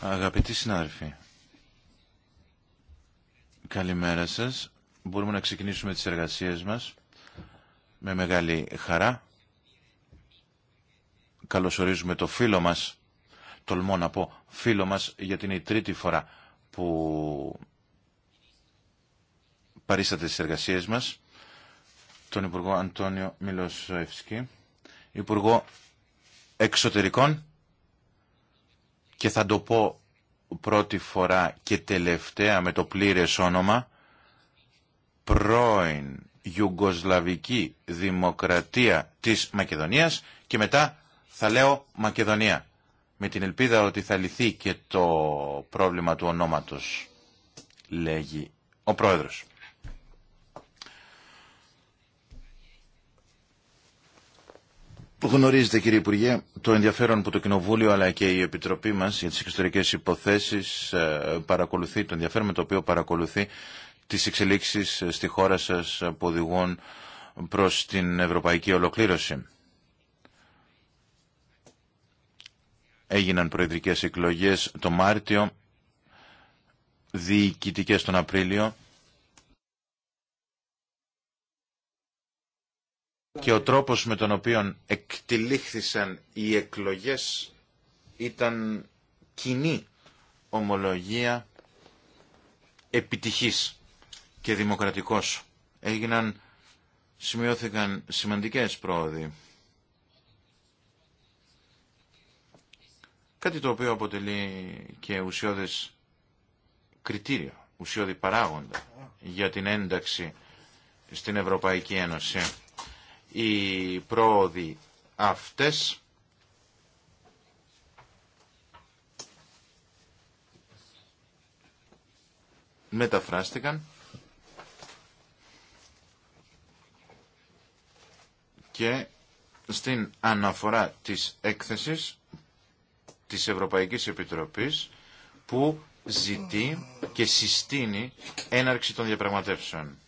Αγαπητοί συνάδελφοι, καλημέρα σας. Μπορούμε να ξεκινήσουμε τις εργασίες μας με μεγάλη χαρά. Καλωσορίζουμε το φίλο μας, τολμώ να πω φίλο μας, γιατί είναι η τρίτη φορά που παρίσταται στις εργασίες μας, τον Υπουργό Αντώνιο Μιλοσοευσκή, Υπουργό Εξωτερικών και θα το πω πρώτη φορά και τελευταία με το πλήρες όνομα, πρώην Ιουγκοσλαβική Δημοκρατία της Μακεδονίας και μετά θα λέω Μακεδονία, με την ελπίδα ότι θα λυθεί και το πρόβλημα του ονόματος, λέγει ο Πρόεδρος. Γνωρίζετε κύριε Υπουργέ το ενδιαφέρον που το Κοινοβούλιο αλλά και η Επιτροπή μας για τις εξωτερικές υποθέσεις ε, παρακολουθεί, το ενδιαφέρον με το οποίο παρακολουθεί τις εξελίξεις ε, στη χώρα σας που οδηγούν προς την ευρωπαϊκή ολοκλήρωση. Έγιναν προεδρικές εκλογές το Μάρτιο, διοικητικές τον Απρίλιο και ο τρόπος με τον οποίο εκτιλήχθησαν οι εκλογές ήταν κοινή ομολογία επιτυχής και δημοκρατικός. Έγιναν, σημειώθηκαν σημαντικές πρόοδοι. Κάτι το οποίο αποτελεί και ουσιώδες κριτήριο, ουσιώδη παράγοντα για την ένταξη στην Ευρωπαϊκή Ένωση οι πρόοδοι αυτές μεταφράστηκαν και στην αναφορά της έκθεσης της Ευρωπαϊκής Επιτροπής που ζητεί και συστήνει έναρξη των διαπραγματεύσεων.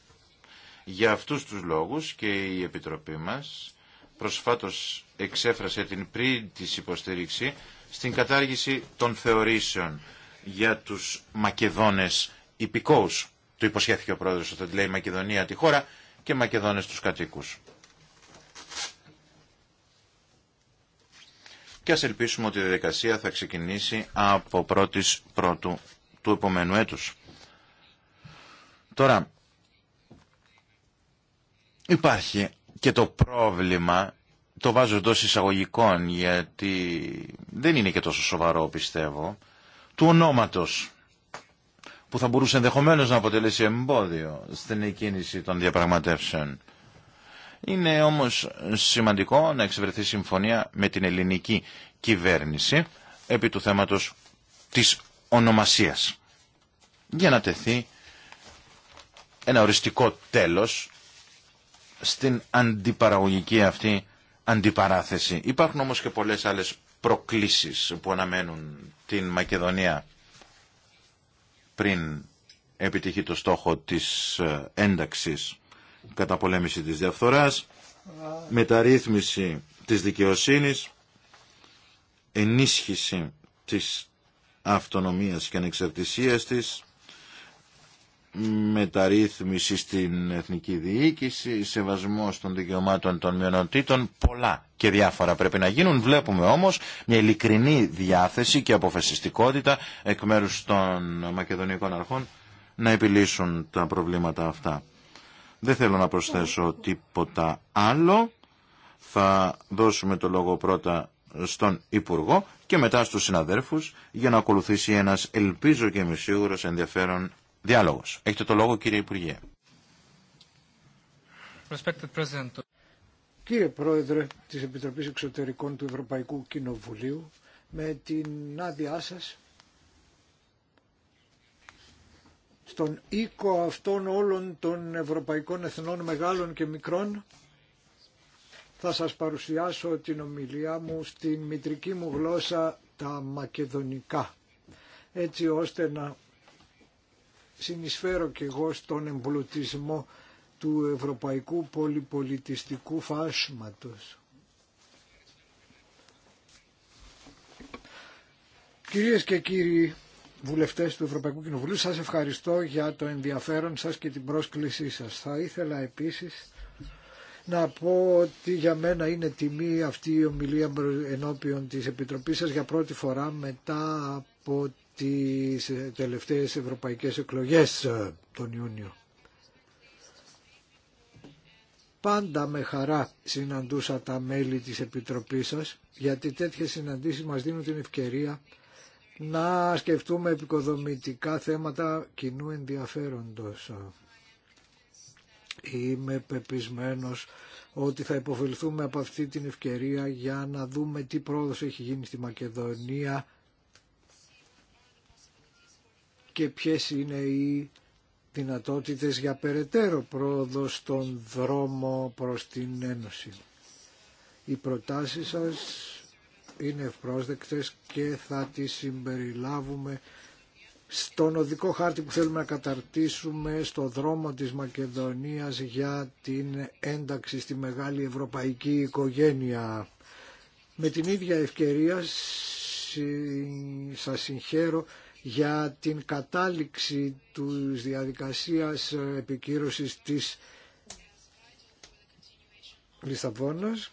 Για αυτούς τους λόγους και η Επιτροπή μας προσφάτως εξέφρασε την πριν της υποστήριξη στην κατάργηση των θεωρήσεων για τους Μακεδόνες υπηκόους. Το υποσχέθηκε ο πρόεδρος όταν λέει Μακεδονία τη χώρα και Μακεδόνες τους κατοίκους. Και ας ελπίσουμε ότι η διαδικασία θα ξεκινήσει από πρώτης πρώτου του επομένου έτους. Τώρα, Υπάρχει και το πρόβλημα, το βάζω εντό εισαγωγικών γιατί δεν είναι και τόσο σοβαρό πιστεύω, του ονόματος που θα μπορούσε ενδεχομένω να αποτελέσει εμπόδιο στην εκκίνηση των διαπραγματεύσεων. Είναι όμως σημαντικό να εξευρεθεί συμφωνία με την ελληνική κυβέρνηση επί του θέματος της ονομασίας για να τεθεί ένα οριστικό τέλος στην αντιπαραγωγική αυτή αντιπαράθεση. Υπάρχουν όμως και πολλές άλλες προκλήσεις που αναμένουν την Μακεδονία πριν επιτυχεί το στόχο της ε, ένταξης κατά πολέμηση της διαφθοράς, μεταρρύθμιση της δικαιοσύνης, ενίσχυση της αυτονομίας και ανεξαρτησίας της, μεταρρύθμιση στην εθνική διοίκηση, σεβασμός των δικαιωμάτων των μειονοτήτων, πολλά και διάφορα πρέπει να γίνουν. Βλέπουμε όμως μια ειλικρινή διάθεση και αποφασιστικότητα εκ μέρου των μακεδονικών αρχών να επιλύσουν τα προβλήματα αυτά. Δεν θέλω να προσθέσω τίποτα άλλο. Θα δώσουμε το λόγο πρώτα στον Υπουργό και μετά στους συναδέρφους για να ακολουθήσει ένας ελπίζω και είμαι σίγουρος ενδιαφέρον διάλογος. Έχετε το λόγο κύριε Υπουργέ. Κύριε Πρόεδρε της Επιτροπής Εξωτερικών του Ευρωπαϊκού Κοινοβουλίου, με την άδειά σας στον οίκο αυτών όλων των ευρωπαϊκών εθνών μεγάλων και μικρών θα σας παρουσιάσω την ομιλία μου στην μητρική μου γλώσσα τα μακεδονικά έτσι ώστε να συνεισφέρω και εγώ στον εμπλουτισμό του ευρωπαϊκού πολυπολιτιστικού φάσματος. Κυρίες και κύριοι βουλευτές του Ευρωπαϊκού Κοινοβουλίου, σας ευχαριστώ για το ενδιαφέρον σας και την πρόσκλησή σας. Θα ήθελα επίσης να πω ότι για μένα είναι τιμή αυτή η ομιλία ενώπιον της Επιτροπής σας για πρώτη φορά μετά από τις ε, τελευταίες ευρωπαϊκές εκλογές ε, τον Ιούνιο. Πάντα με χαρά συναντούσα τα μέλη της Επιτροπής σας, γιατί τέτοιες συναντήσεις μας δίνουν την ευκαιρία να σκεφτούμε επικοδομητικά θέματα κοινού ενδιαφέροντος. Είμαι πεπισμένος ότι θα υποφελθούμε από αυτή την ευκαιρία για να δούμε τι πρόοδος έχει γίνει στη Μακεδονία και ποιες είναι οι δυνατότητες για περαιτέρω πρόοδο στον δρόμο προς την Ένωση. Οι προτάσεις σας είναι ευπρόσδεκτες και θα τις συμπεριλάβουμε στον οδικό χάρτη που θέλουμε να καταρτήσουμε στο δρόμο της Μακεδονίας για την ένταξη στη μεγάλη ευρωπαϊκή οικογένεια. Με την ίδια ευκαιρία σας συγχαίρω για την κατάληξη της διαδικασίας επικύρωσης της Λισαβόνας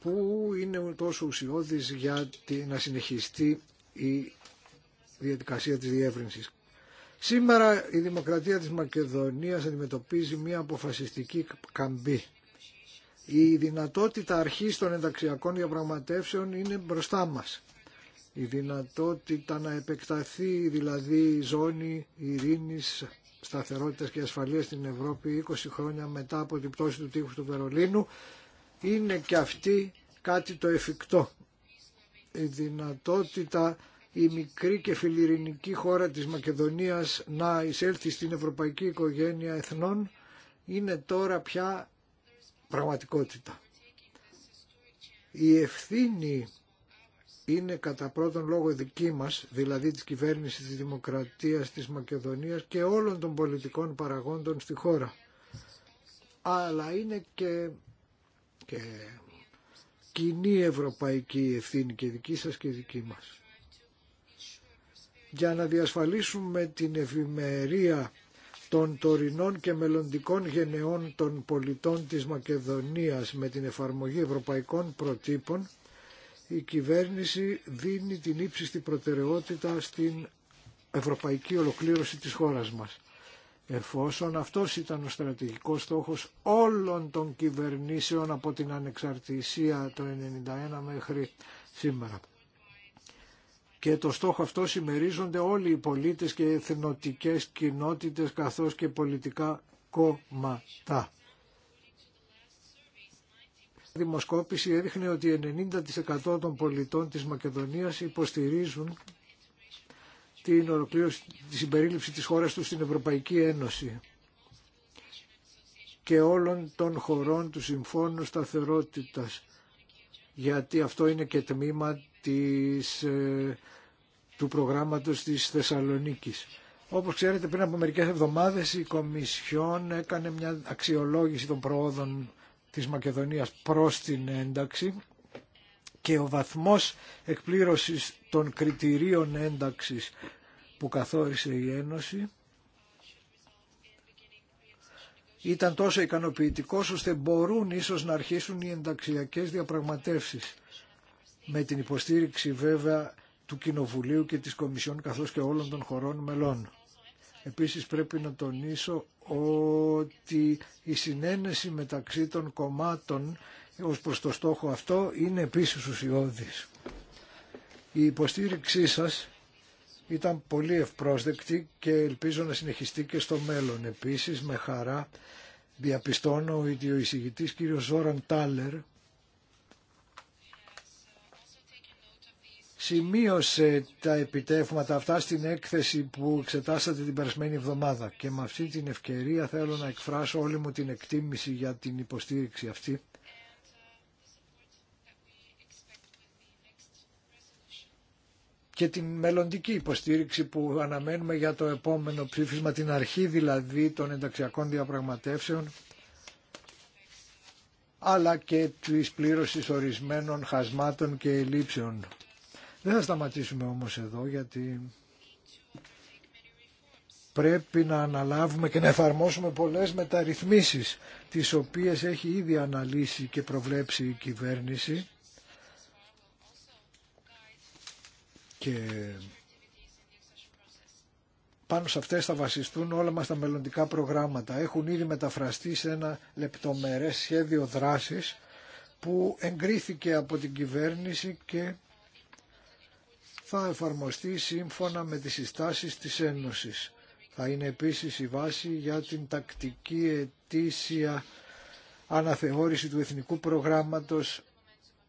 που είναι τόσο ουσιώδης για να συνεχιστεί η διαδικασία της διεύρυνσης. Σήμερα η Δημοκρατία της Μακεδονίας αντιμετωπίζει μια αποφασιστική καμπή. Η δυνατότητα αρχής των ενταξιακών διαπραγματεύσεων είναι μπροστά μας η δυνατότητα να επεκταθεί δηλαδή η ζώνη ειρήνης, σταθερότητας και ασφαλείας στην Ευρώπη 20 χρόνια μετά από την πτώση του τείχους του Βερολίνου είναι και αυτή κάτι το εφικτό. Η δυνατότητα η μικρή και φιλιρινική χώρα της Μακεδονίας να εισέλθει στην ευρωπαϊκή οικογένεια εθνών είναι τώρα πια πραγματικότητα. Η ευθύνη είναι κατά πρώτον λόγο δική μας, δηλαδή της κυβέρνησης της Δημοκρατίας της Μακεδονίας και όλων των πολιτικών παραγόντων στη χώρα. Αλλά είναι και, και κοινή ευρωπαϊκή ευθύνη και δική σας και δική μας. Για να διασφαλίσουμε την ευημερία των τωρινών και μελλοντικών γενεών των πολιτών της Μακεδονίας με την εφαρμογή ευρωπαϊκών προτύπων, η κυβέρνηση δίνει την ύψιστη προτεραιότητα στην ευρωπαϊκή ολοκλήρωση της χώρας μας. Εφόσον αυτός ήταν ο στρατηγικός στόχος όλων των κυβερνήσεων από την ανεξαρτησία το 1991 μέχρι σήμερα. Και το στόχο αυτό συμμερίζονται όλοι οι πολίτες και εθνοτικές κοινότητες καθώς και πολιτικά κόμματα δημοσκόπηση έδειχνε ότι 90% των πολιτών της Μακεδονίας υποστηρίζουν την ολοκλήρωση, τη συμπερίληψη της χώρας του στην Ευρωπαϊκή Ένωση και όλων των χωρών του Συμφώνου Σταθερότητας γιατί αυτό είναι και τμήμα της, ε, του προγράμματος της Θεσσαλονίκης. Όπως ξέρετε πριν από μερικές εβδομάδες η Κομισιόν έκανε μια αξιολόγηση των προόδων της Μακεδονίας προς την ένταξη και ο βαθμός εκπλήρωσης των κριτηρίων ένταξης που καθόρισε η Ένωση ήταν τόσο ικανοποιητικός ώστε μπορούν ίσως να αρχίσουν οι ενταξιακές διαπραγματεύσεις με την υποστήριξη βέβαια του Κοινοβουλίου και της Κομισιόν καθώς και όλων των χωρών μελών. Επίσης πρέπει να τονίσω ότι η συνένεση μεταξύ των κομμάτων ως προς το στόχο αυτό είναι επίσης ουσιώδης. Η υποστήριξή σας ήταν πολύ ευπρόσδεκτη και ελπίζω να συνεχιστεί και στο μέλλον. Επίσης με χαρά διαπιστώνω ότι ο εισηγητής κύριος Ζόραν Τάλερ σημείωσε τα επιτεύγματα αυτά στην έκθεση που εξετάσατε την περασμένη εβδομάδα και με αυτή την ευκαιρία θέλω να εκφράσω όλη μου την εκτίμηση για την υποστήριξη αυτή και την μελλοντική υποστήριξη που αναμένουμε για το επόμενο ψήφισμα, την αρχή δηλαδή των ενταξιακών διαπραγματεύσεων αλλά και της πλήρωσης ορισμένων χασμάτων και ελλείψεων. Δεν θα σταματήσουμε όμως εδώ γιατί πρέπει να αναλάβουμε και να εφαρμόσουμε πολλές μεταρρυθμίσεις τις οποίες έχει ήδη αναλύσει και προβλέψει η κυβέρνηση και πάνω σε αυτές θα βασιστούν όλα μας τα μελλοντικά προγράμματα. Έχουν ήδη μεταφραστεί σε ένα λεπτομερές σχέδιο δράσης που εγκρίθηκε από την κυβέρνηση και θα εφαρμοστεί σύμφωνα με τις συστάσεις της Ένωσης. Θα είναι επίσης η βάση για την τακτική ετήσια αναθεώρηση του Εθνικού Προγράμματος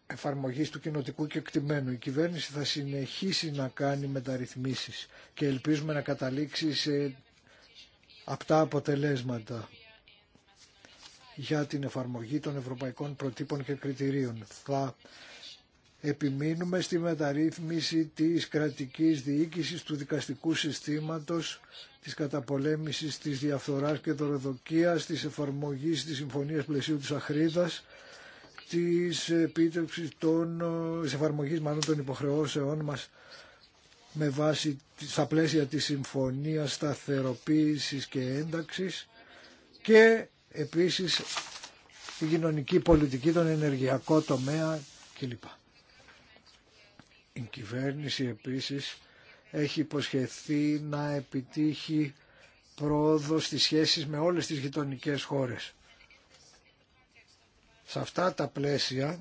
εφαρμογής του κοινοτικού κεκτημένου. Η κυβέρνηση θα συνεχίσει να κάνει μεταρρυθμίσεις και ελπίζουμε να καταλήξει σε αυτά αποτελέσματα για την εφαρμογή των ευρωπαϊκών προτύπων και κριτηρίων επιμείνουμε στη μεταρρύθμιση της κρατικής διοίκησης του δικαστικού συστήματος, της καταπολέμησης της διαφθοράς και δωροδοκίας, της εφαρμογής της Συμφωνίας Πλαισίου της Αχρίδας, της επίτευξης των, εφαρμογής μάλλον των υποχρεώσεών μας με βάση στα πλαίσια της Συμφωνίας Σταθεροποίησης και Ένταξης και επίσης την κοινωνική πολιτική, τον ενεργειακό τομέα κλπ. Η κυβέρνηση επίσης έχει υποσχεθεί να επιτύχει πρόοδο στις σχέσεις με όλες τις γειτονικές χώρες. Σε αυτά τα πλαίσια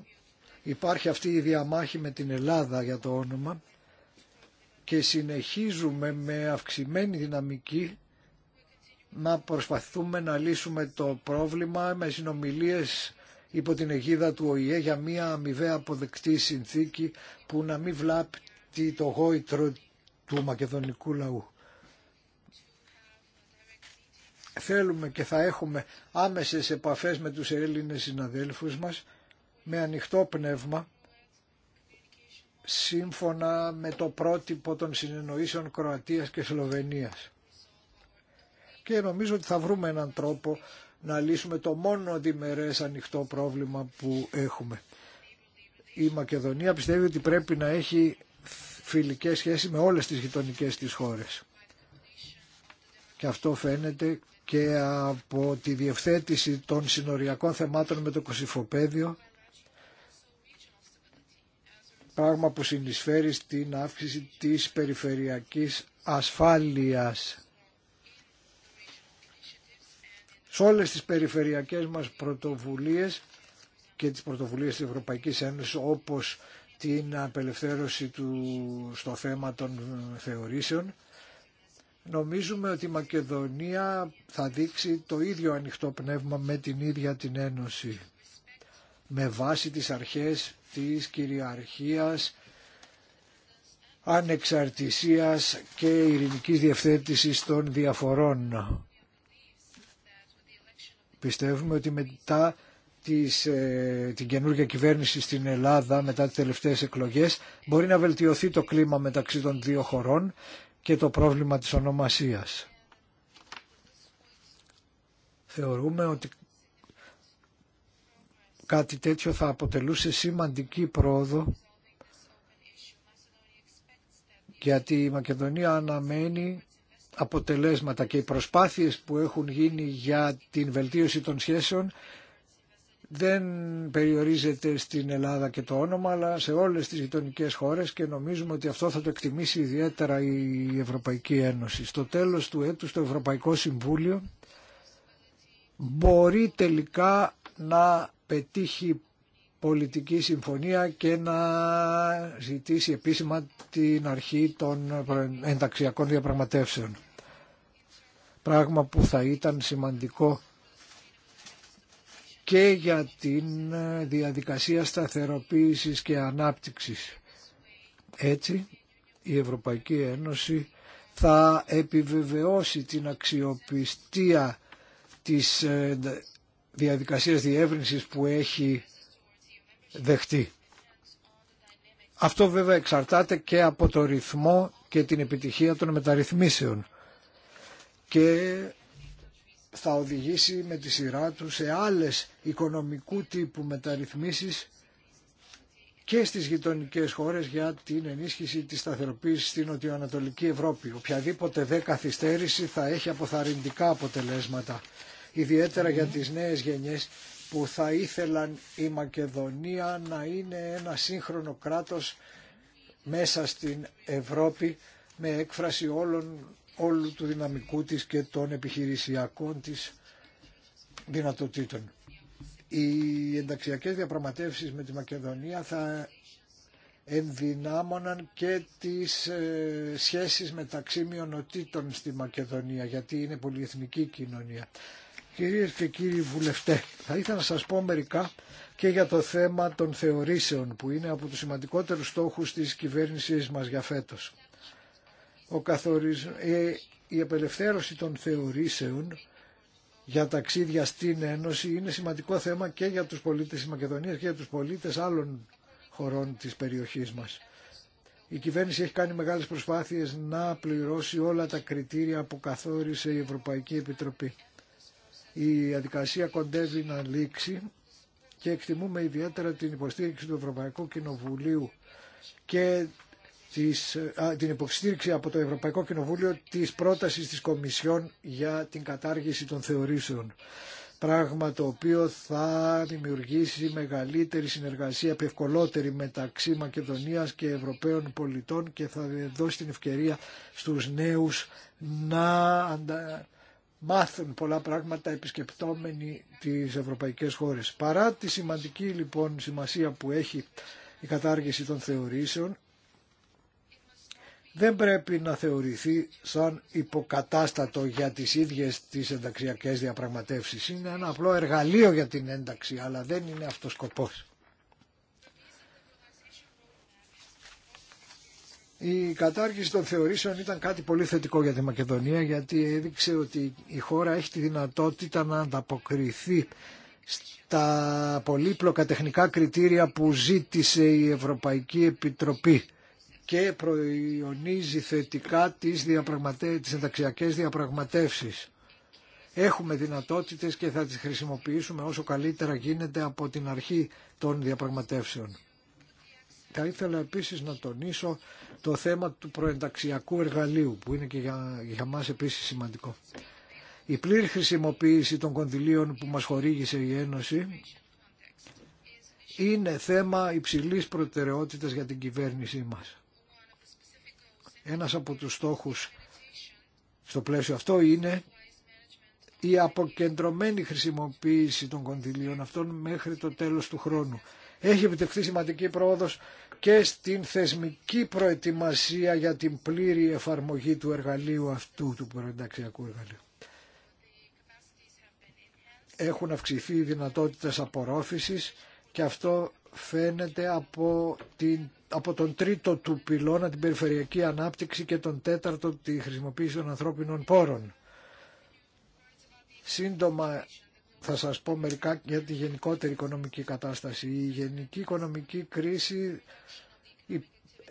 υπάρχει αυτή η διαμάχη με την Ελλάδα για το όνομα και συνεχίζουμε με αυξημένη δυναμική να προσπαθούμε να λύσουμε το πρόβλημα με συνομιλίες υπό την αιγίδα του ΟΗΕ για μια αμοιβαία αποδεκτή συνθήκη που να μην βλάπτει το γόητρο του μακεδονικού λαού. Θέλουμε και θα έχουμε άμεσες επαφές με τους Έλληνες συναδέλφους μας με ανοιχτό πνεύμα σύμφωνα με το πρότυπο των συνεννοήσεων Κροατίας και Σλοβενίας. Και νομίζω ότι θα βρούμε έναν τρόπο να λύσουμε το μόνο διμερές ανοιχτό πρόβλημα που έχουμε. Η Μακεδονία πιστεύει ότι πρέπει να έχει φιλικές σχέσεις με όλες τις γειτονικές της χώρες. Και αυτό φαίνεται και από τη διευθέτηση των συνοριακών θεμάτων με το Κωσυφοπαίδιο, πράγμα που συνεισφέρει στην αύξηση της περιφερειακής ασφάλειας σε όλες τις περιφερειακές μας πρωτοβουλίες και τις πρωτοβουλίες της Ευρωπαϊκής Ένωσης όπως την απελευθέρωση του στο θέμα των θεωρήσεων. Νομίζουμε ότι η Μακεδονία θα δείξει το ίδιο ανοιχτό πνεύμα με την ίδια την Ένωση με βάση τις αρχές της κυριαρχίας, ανεξαρτησίας και ειρηνικής διευθέτησης των διαφορών. Πιστεύουμε ότι μετά της, ε, την καινούργια κυβέρνηση στην Ελλάδα μετά τις τελευταίες εκλογές μπορεί να βελτιωθεί το κλίμα μεταξύ των δύο χωρών και το πρόβλημα της ονομασίας. Θεωρούμε ότι κάτι τέτοιο θα αποτελούσε σημαντική πρόοδο γιατί η Μακεδονία αναμένει αποτελέσματα και οι προσπάθειες που έχουν γίνει για την βελτίωση των σχέσεων δεν περιορίζεται στην Ελλάδα και το όνομα αλλά σε όλες τις γειτονικέ χώρες και νομίζουμε ότι αυτό θα το εκτιμήσει ιδιαίτερα η Ευρωπαϊκή Ένωση. Στο τέλος του έτους το Ευρωπαϊκό Συμβούλιο μπορεί τελικά να πετύχει πολιτική συμφωνία και να ζητήσει επίσημα την αρχή των ενταξιακών διαπραγματεύσεων. Πράγμα που θα ήταν σημαντικό και για την ε, διαδικασία σταθεροποίησης και ανάπτυξης. Έτσι, η Ευρωπαϊκή Ένωση θα επιβεβαιώσει την αξιοπιστία της ε, διαδικασίας διεύρυνσης που έχει δεχτεί. Αυτό βέβαια εξαρτάται και από το ρυθμό και την επιτυχία των μεταρρυθμίσεων και θα οδηγήσει με τη σειρά του σε άλλες οικονομικού τύπου μεταρρυθμίσεις και στις γειτονικές χώρες για την ενίσχυση της σταθεροποίησης στην νοτιοανατολική Ευρώπη. Οποιαδήποτε δε καθυστέρηση θα έχει αποθαρρυντικά αποτελέσματα, ιδιαίτερα για τις νέες γενιές που θα ήθελαν η Μακεδονία να είναι ένα σύγχρονο κράτος μέσα στην Ευρώπη με έκφραση όλων όλου του δυναμικού της και των επιχειρησιακών της δυνατοτήτων. Οι ενταξιακές διαπραγματεύσεις με τη Μακεδονία θα ενδυνάμωναν και τις ε, σχέσεις μεταξύ μειονοτήτων στη Μακεδονία, γιατί είναι πολυεθνική κοινωνία. Κυρίες και κύριοι βουλευτέ, θα ήθελα να σας πω μερικά και για το θέμα των θεωρήσεων, που είναι από τους σημαντικότερους στόχους της κυβέρνησής μας για φέτος. Ο καθορισ... Ε, η απελευθέρωση των θεωρήσεων για ταξίδια στην Ένωση είναι σημαντικό θέμα και για τους πολίτες της Μακεδονίας και για τους πολίτες άλλων χωρών της περιοχής μας. Η κυβέρνηση έχει κάνει μεγάλες προσπάθειες να πληρώσει όλα τα κριτήρια που καθόρισε η Ευρωπαϊκή Επιτροπή. Η αδικασία κοντεύει να λήξει και εκτιμούμε ιδιαίτερα την υποστήριξη του Ευρωπαϊκού Κοινοβουλίου και της, την υποστήριξη από το Ευρωπαϊκό Κοινοβούλιο της πρότασης της Κομισιόν για την κατάργηση των θεωρήσεων. Πράγμα το οποίο θα δημιουργήσει μεγαλύτερη συνεργασία πιο ευκολότερη μεταξύ Μακεδονίας και Ευρωπαίων πολιτών και θα δώσει την ευκαιρία στους νέους να μάθουν πολλά πράγματα επισκεπτόμενοι τις ευρωπαϊκές χώρες. Παρά τη σημαντική λοιπόν σημασία που έχει η κατάργηση των θεωρήσεων, δεν πρέπει να θεωρηθεί σαν υποκατάστατο για τις ίδιες τις ενταξιακές διαπραγματεύσεις. Είναι ένα απλό εργαλείο για την ένταξη, αλλά δεν είναι αυτός σκοπός. Η κατάργηση των θεωρήσεων ήταν κάτι πολύ θετικό για τη Μακεδονία γιατί έδειξε ότι η χώρα έχει τη δυνατότητα να ανταποκριθεί στα πολύπλοκα τεχνικά κριτήρια που ζήτησε η Ευρωπαϊκή Επιτροπή και προϊονίζει θετικά τις, διαπραγματε... τις ενταξιακές διαπραγματεύσεις. Έχουμε δυνατότητες και θα τις χρησιμοποιήσουμε όσο καλύτερα γίνεται από την αρχή των διαπραγματεύσεων. Θα ήθελα επίσης να τονίσω το θέμα του προενταξιακού εργαλείου που είναι και για, για μας επίσης σημαντικό. Η πλήρη χρησιμοποίηση των κονδυλίων που μας χορήγησε η Ένωση είναι θέμα υψηλής προτεραιότητας για την κυβέρνησή μας. Ένας από τους στόχους στο πλαίσιο αυτό είναι η αποκεντρωμένη χρησιμοποίηση των κονδυλίων αυτών μέχρι το τέλος του χρόνου. Έχει επιτευχθεί σημαντική πρόοδος και στην θεσμική προετοιμασία για την πλήρη εφαρμογή του εργαλείου αυτού, του προενταξιακού εργαλείου. Έχουν αυξηθεί οι δυνατότητες απορρόφησης και αυτό φαίνεται από την από τον τρίτο του πυλώνα την περιφερειακή ανάπτυξη και τον τέταρτο τη χρησιμοποίηση των ανθρώπινων πόρων. Σύντομα θα σας πω μερικά για τη γενικότερη οικονομική κατάσταση. Η γενική οικονομική κρίση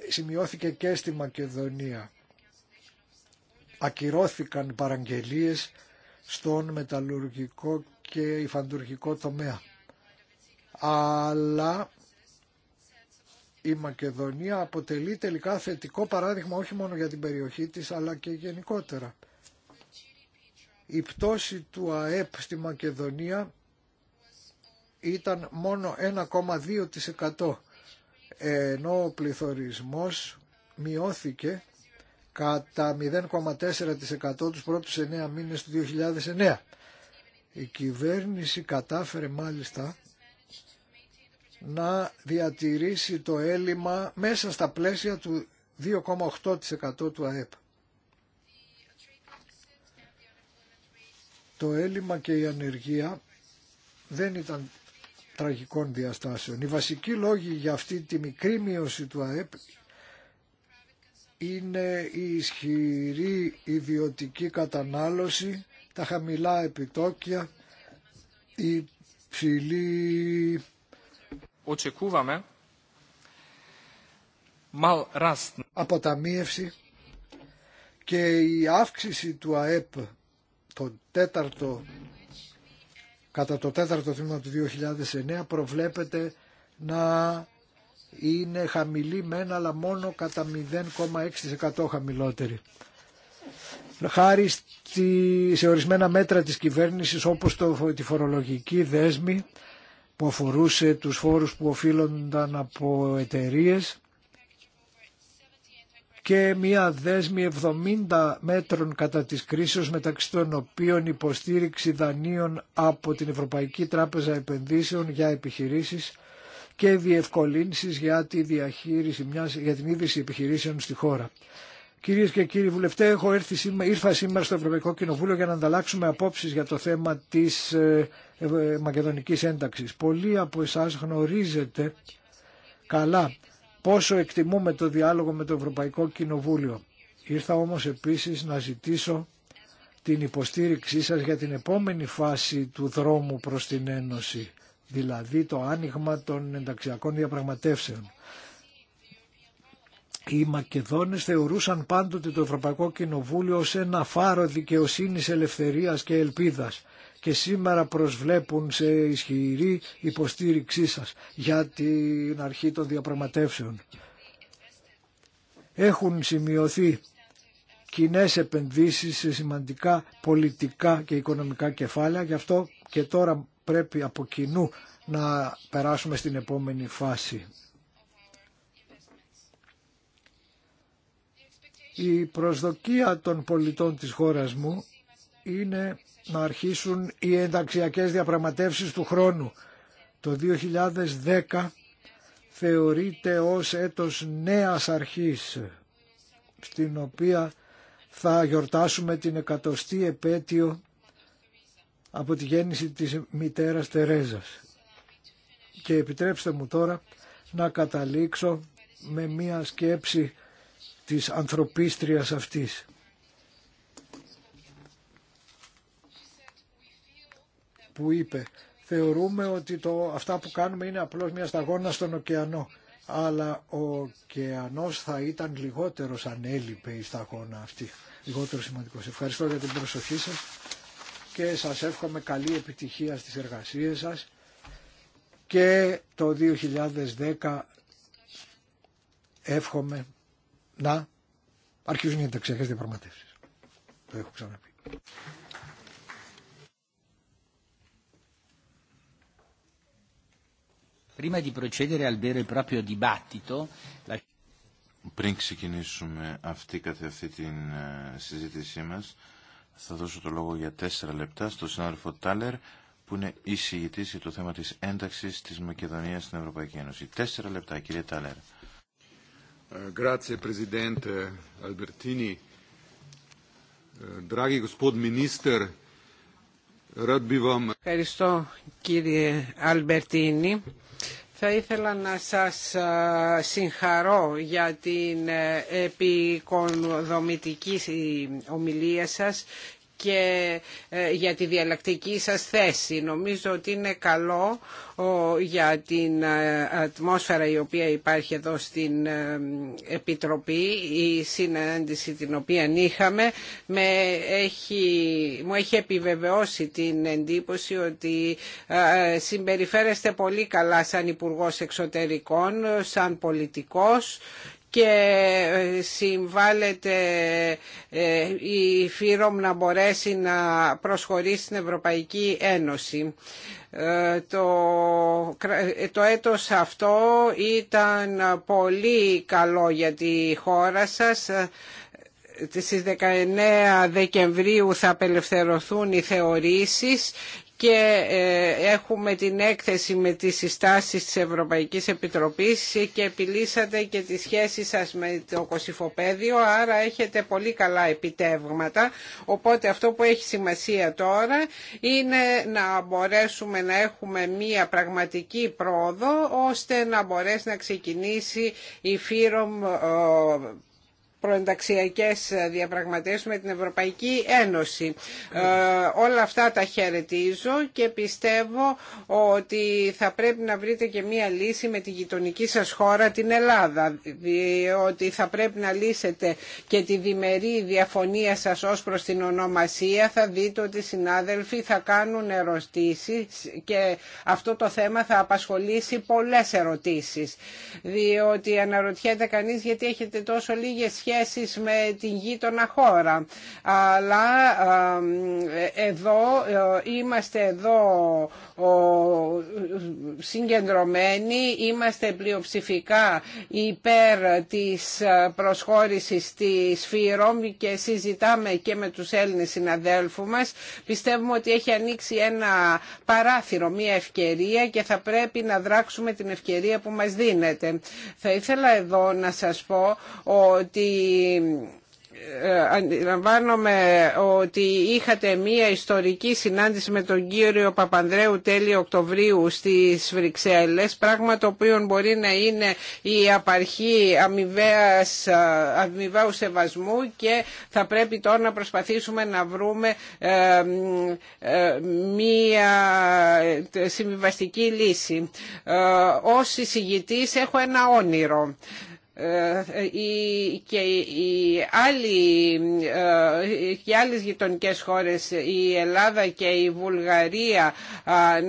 σημειώθηκε και στη Μακεδονία. Ακυρώθηκαν παραγγελίες στον μεταλλουργικό και υφαντουργικό τομέα. Αλλά η Μακεδονία αποτελεί τελικά θετικό παράδειγμα όχι μόνο για την περιοχή της αλλά και γενικότερα. Η πτώση του ΑΕΠ στη Μακεδονία ήταν μόνο 1,2% ενώ ο πληθωρισμός μειώθηκε κατά 0,4% τους πρώτους 9 μήνες του 2009. Η κυβέρνηση κατάφερε μάλιστα να διατηρήσει το έλλειμμα μέσα στα πλαίσια του 2,8% του ΑΕΠ. Το έλλειμμα και η ανεργία δεν ήταν τραγικών διαστάσεων. Οι βασική λόγοι για αυτή τη μικρή μείωση του ΑΕΠ είναι η ισχυρή ιδιωτική κατανάλωση, τα χαμηλά επιτόκια, η ψηλή οτσεκούβαμε μαλ Αποταμίευση και η αύξηση του ΑΕΠ το τέταρτο, κατά το τέταρτο τμήμα του 2009 προβλέπεται να είναι χαμηλή μένα αλλά μόνο κατά 0,6% χαμηλότερη. Χάρη σε ορισμένα μέτρα της κυβέρνησης όπως το, τη φορολογική δέσμη που αφορούσε τους φόρους που οφείλονταν από εταιρείε και μια δέσμη 70 μέτρων κατά της κρίσης μεταξύ των οποίων υποστήριξη δανείων από την Ευρωπαϊκή Τράπεζα Επενδύσεων για επιχειρήσεις και διευκολύνσεις για, τη διαχείριση μιας, για την ίδρυση επιχειρήσεων στη χώρα. Κυρίες και κύριοι βουλευτέ, έχω έρθει σήμερα, ήρθα σήμερα στο Ευρωπαϊκό Κοινοβούλιο για να ανταλλάξουμε απόψεις για το θέμα της ε, ε, μακεδονικής ένταξης. Πολλοί από εσάς γνωρίζετε καλά πόσο εκτιμούμε το διάλογο με το Ευρωπαϊκό Κοινοβούλιο. Ήρθα όμως επίσης να ζητήσω την υποστήριξή σας για την επόμενη φάση του δρόμου προς την Ένωση, δηλαδή το άνοιγμα των ενταξιακών διαπραγματεύσεων. Οι Μακεδόνες θεωρούσαν πάντοτε το Ευρωπαϊκό Κοινοβούλιο ως ένα φάρο δικαιοσύνης, ελευθερίας και ελπίδας και σήμερα προσβλέπουν σε ισχυρή υποστήριξή σας για την αρχή των διαπραγματεύσεων. Έχουν σημειωθεί κοινέ επενδύσεις σε σημαντικά πολιτικά και οικονομικά κεφάλαια, γι' αυτό και τώρα πρέπει από κοινού να περάσουμε στην επόμενη φάση. Η προσδοκία των πολιτών της χώρας μου είναι να αρχίσουν οι ενταξιακές διαπραγματεύσεις του χρόνου. Το 2010 θεωρείται ως έτος νέας αρχής, στην οποία θα γιορτάσουμε την εκατοστή επέτειο από τη γέννηση της μητέρας Τερέζας. Και επιτρέψτε μου τώρα να καταλήξω με μία σκέψη της ανθρωπίστριας αυτής. Που είπε, θεωρούμε ότι το, αυτά που κάνουμε είναι απλώς μια σταγόνα στον ωκεανό. Αλλά ο ωκεανός θα ήταν λιγότερος αν έλειπε η σταγόνα αυτή. Λιγότερο σημαντικός. Ευχαριστώ για την προσοχή σας και σας εύχομαι καλή επιτυχία στις εργασίες σας και το 2010 εύχομαι να αρχίζουν οι ενταξιακές διαπραγματεύσεις. Το έχω ξαναπεί. E Πριν ξεκινήσουμε αυτή καθ' αυτή ε, συζήτησή μας, θα δώσω το λόγο για τέσσερα λεπτά στον συνάδελφο Τάλερ, που είναι εισηγητής για το θέμα της ένταξης της Μακεδονίας στην Ευρωπαϊκή Ένωση. Τέσσερα λεπτά, κύριε Τάλερ. Ευχαριστώ κύριε Αλμπερτίνη. Θα ήθελα να σας ε, συγχαρώ για την ε, επικοδομητική ε, ομιλία σας και ε, για τη διαλλακτική σας θέση. Νομίζω ότι είναι καλό για την ε, ατμόσφαιρα η οποία υπάρχει εδώ στην ε, Επιτροπή. Η συνάντηση την οποία είχαμε με έχει, μου έχει επιβεβαιώσει την εντύπωση ότι συμπεριφέρεστε πολύ καλά σαν Υπουργός Εξωτερικών, σαν πολιτικός και ε, συμβάλλεται ε, η ΦΥΡΟΜ να μπορέσει να προσχωρήσει στην Ευρωπαϊκή Ένωση. Ε, το, το έτος αυτό ήταν πολύ καλό για τη χώρα σας στις 19 Δεκεμβρίου θα απελευθερωθούν οι θεωρήσεις και ε, έχουμε την έκθεση με τις συστάσεις της Ευρωπαϊκής Επιτροπής και επιλύσατε και τη σχέση σας με το κοσυφοπέδιο, άρα έχετε πολύ καλά επιτεύγματα. Οπότε αυτό που έχει σημασία τώρα είναι να μπορέσουμε να έχουμε μία πραγματική πρόοδο ώστε να μπορέσει να ξεκινήσει η ΦΥΡΟΜ ε, προενταξιακές διαπραγματεύσεις με την Ευρωπαϊκή Ένωση. Ε, όλα αυτά τα χαιρετίζω και πιστεύω ότι θα πρέπει να βρείτε και μία λύση με τη γειτονική σας χώρα την Ελλάδα ότι θα πρέπει να λύσετε και τη διμερή διαφωνία σας ως προς την ονομασία θα δείτε ότι οι συνάδελφοι θα κάνουν ερωτήσεις και αυτό το θέμα θα απασχολήσει πολλές ερωτήσεις διότι αναρωτιέται κανείς γιατί έχετε τόσο λίγες σχέσεις με την γείτονα χώρα. Αλλά εδώ ε, είμαστε εδώ συγκεντρωμένοι, είμαστε πλειοψηφικά υπέρ της ε, προσχώρησης της ΦΥΡΟΜ και συζητάμε και με τους Έλληνες συναδέλφου μας. Πιστεύουμε ότι έχει ανοίξει ένα παράθυρο, μια ευκαιρία και θα πρέπει να δράξουμε την ευκαιρία που μας δίνεται. Θα ήθελα εδώ να σας πω ότι ε, αντιλαμβάνομαι ότι είχατε μία ιστορική συνάντηση με τον κύριο Παπανδρέου τέλη Οκτωβρίου στις Βρυξέλλες, πράγμα το οποίο μπορεί να είναι η απαρχή αμοιβαίου σεβασμού και θα πρέπει τώρα να προσπαθήσουμε να βρούμε ε, ε, μία συμβιβαστική λύση. Ως εισηγητής έχω ένα όνειρο. Ε, ε, και οι άλλοι, ε, και άλλες γειτονικές χώρες η Ελλάδα και η Βουλγαρία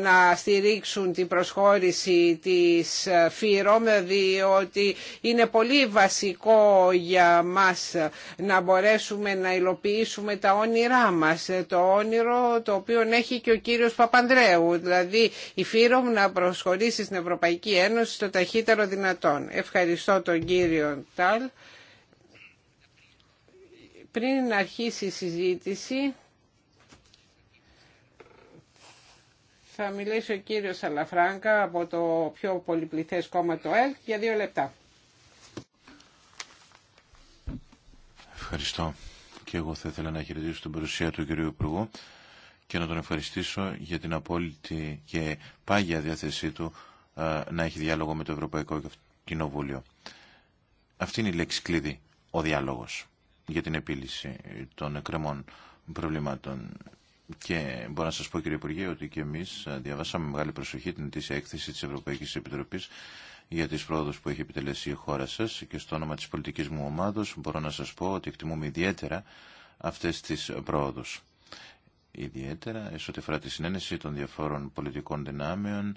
να στηρίξουν την προσχώρηση της ΦΥΡΟΜ διότι είναι πολύ βασικό για μας να μπορέσουμε να υλοποιήσουμε τα όνειρά μας το όνειρο το οποίο έχει και ο κύριος Παπανδρέου δηλαδή η ΦΥΡΟΜ να προσχωρήσει στην Ευρωπαϊκή Ένωση το ταχύτερο δυνατόν. Ευχαριστώ τον κύριο κύριο Τάλ. Πριν αρχίσει η συζήτηση, θα μιλήσει ο κύριος Αλαφράγκα από το πιο πολυπληθές κόμμα το ΕΛΚ για δύο λεπτά. Ευχαριστώ. Και εγώ θα ήθελα να χαιρετήσω την παρουσία του κυρίου Υπουργού και να τον ευχαριστήσω για την απόλυτη και πάγια διάθεσή του ε, να έχει διάλογο με το Ευρωπαϊκό Κοινοβούλιο. Αυτή είναι η λέξη κλειδί, ο διάλογος για την επίλυση των εκκρεμών προβλήματων. Και μπορώ να σας πω κύριε Υπουργέ ότι και εμείς διαβάσαμε μεγάλη προσοχή την ετήσια έκθεση της Ευρωπαϊκής Επιτροπής για τις πρόοδους που έχει επιτελέσει η χώρα σας και στο όνομα της πολιτικής μου ομάδος μπορώ να σας πω ότι εκτιμούμε ιδιαίτερα αυτές τις πρόοδους. Ιδιαίτερα, σε τη συνένεση των διαφόρων πολιτικών δυνάμεων,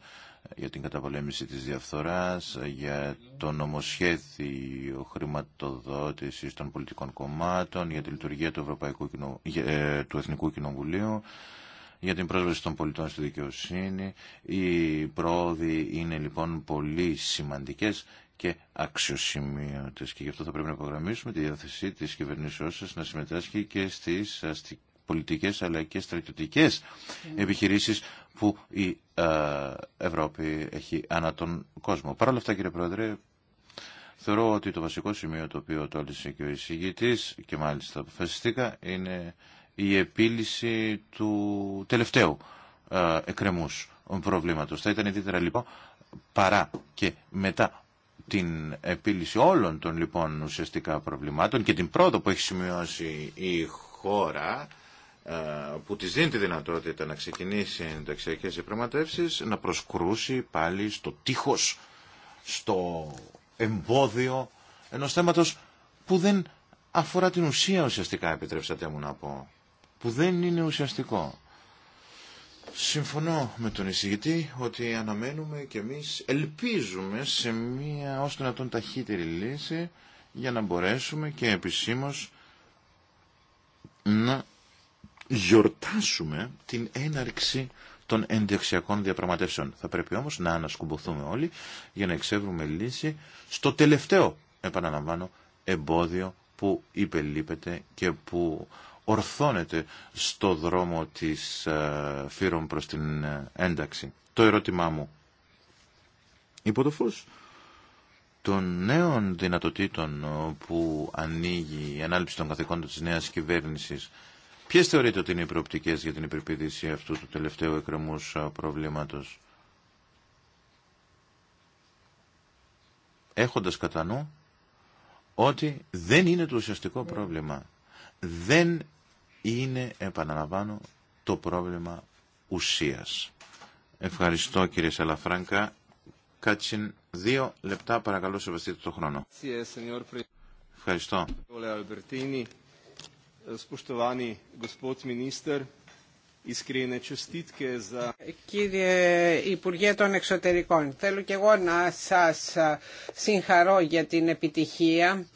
για την καταπολέμηση της διαφθοράς, για το νομοσχέδιο χρηματοδότησης των πολιτικών κομμάτων, για τη λειτουργία του, Ευρωπαϊκού ε, του Εθνικού Κοινοβουλίου, για την πρόσβαση των πολιτών στη δικαιοσύνη. Οι πρόοδοι είναι λοιπόν πολύ σημαντικές και αξιοσημείωτες και γι' αυτό θα πρέπει να υπογραμμίσουμε τη διάθεση της κυβερνήσεώς σας να συμμετάσχει και στις αστικές πολιτικές αλλά και στρατιωτικές επιχειρήσεις που η ε, Ευρώπη έχει ανά τον κόσμο. Παρ' όλα αυτά κύριε Πρόεδρε, θεωρώ ότι το βασικό σημείο το οποίο τόλισε και ο εισηγητής και μάλιστα αποφασιστήκα είναι η επίλυση του τελευταίου ε, εκκρεμούς προβλήματος. Θα ήταν ιδιαίτερα λοιπόν παρά και μετά την επίλυση όλων των λοιπόν ουσιαστικά προβλημάτων και την πρόοδο που έχει σημειώσει η χώρα ε, που της δίνει τη δυνατότητα να ξεκινήσει ενταξιακές διαπραγματεύσεις να προσκρούσει πάλι στο τείχος, στο εμπόδιο ενός θέματος που δεν αφορά την ουσία ουσιαστικά επιτρέψατε μου να πω που δεν είναι ουσιαστικό Συμφωνώ με τον εισηγητή ότι αναμένουμε και εμείς ελπίζουμε σε μία να τον ταχύτερη λύση για να μπορέσουμε και επισήμως να γιορτάσουμε την έναρξη των ενταξιακών διαπραγματεύσεων. Θα πρέπει όμως να ανασκουμποθούμε όλοι για να εξεύρουμε λύση στο τελευταίο, επαναλαμβάνω, εμπόδιο που υπελείπεται και που ορθώνεται στο δρόμο της ε, φύρων προς την ε, ένταξη. Το ερώτημά μου, υπό το φως των νέων δυνατοτήτων ε, που ανοίγει η ανάληψη των καθηκόντων της νέας κυβέρνησης Ποιες θεωρείτε ότι είναι οι προοπτικές για την υπερπίδηση αυτού του τελευταίου εκκρεμούς προβλήματος. Έχοντας κατά νου ότι δεν είναι το ουσιαστικό ναι. πρόβλημα. Δεν είναι, επαναλαμβάνω, το πρόβλημα ουσίας. Ευχαριστώ κύριε Σαλαφράγκα. Κάτσιν, δύο λεπτά παρακαλώ σεβαστείτε το χρόνο. Ευχαριστώ. Spoštovani gospod minister, iskrene čestitke za... Κύριε Υπουργέ των Εξωτερικών, θέλω και εγώ να σας συγχαρώ για την επιτυχία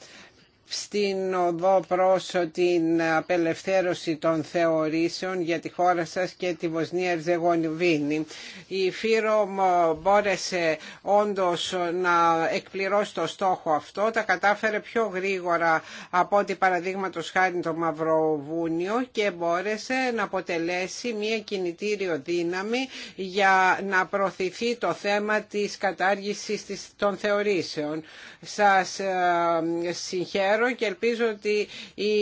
στην οδό προς την απελευθέρωση των θεωρήσεων για τη χώρα σας και τη Βοσνία Ερζεγονιβίνη. Η Φύρομ μπόρεσε όντως να εκπληρώσει το στόχο αυτό, τα κατάφερε πιο γρήγορα από ό,τι παραδείγματο χάρη το Μαυροβούνιο και μπόρεσε να αποτελέσει μια κινητήριο δύναμη για να προωθηθεί το θέμα της κατάργησης των θεωρήσεων. Σας ε, συγχαίρω και ελπίζω ότι η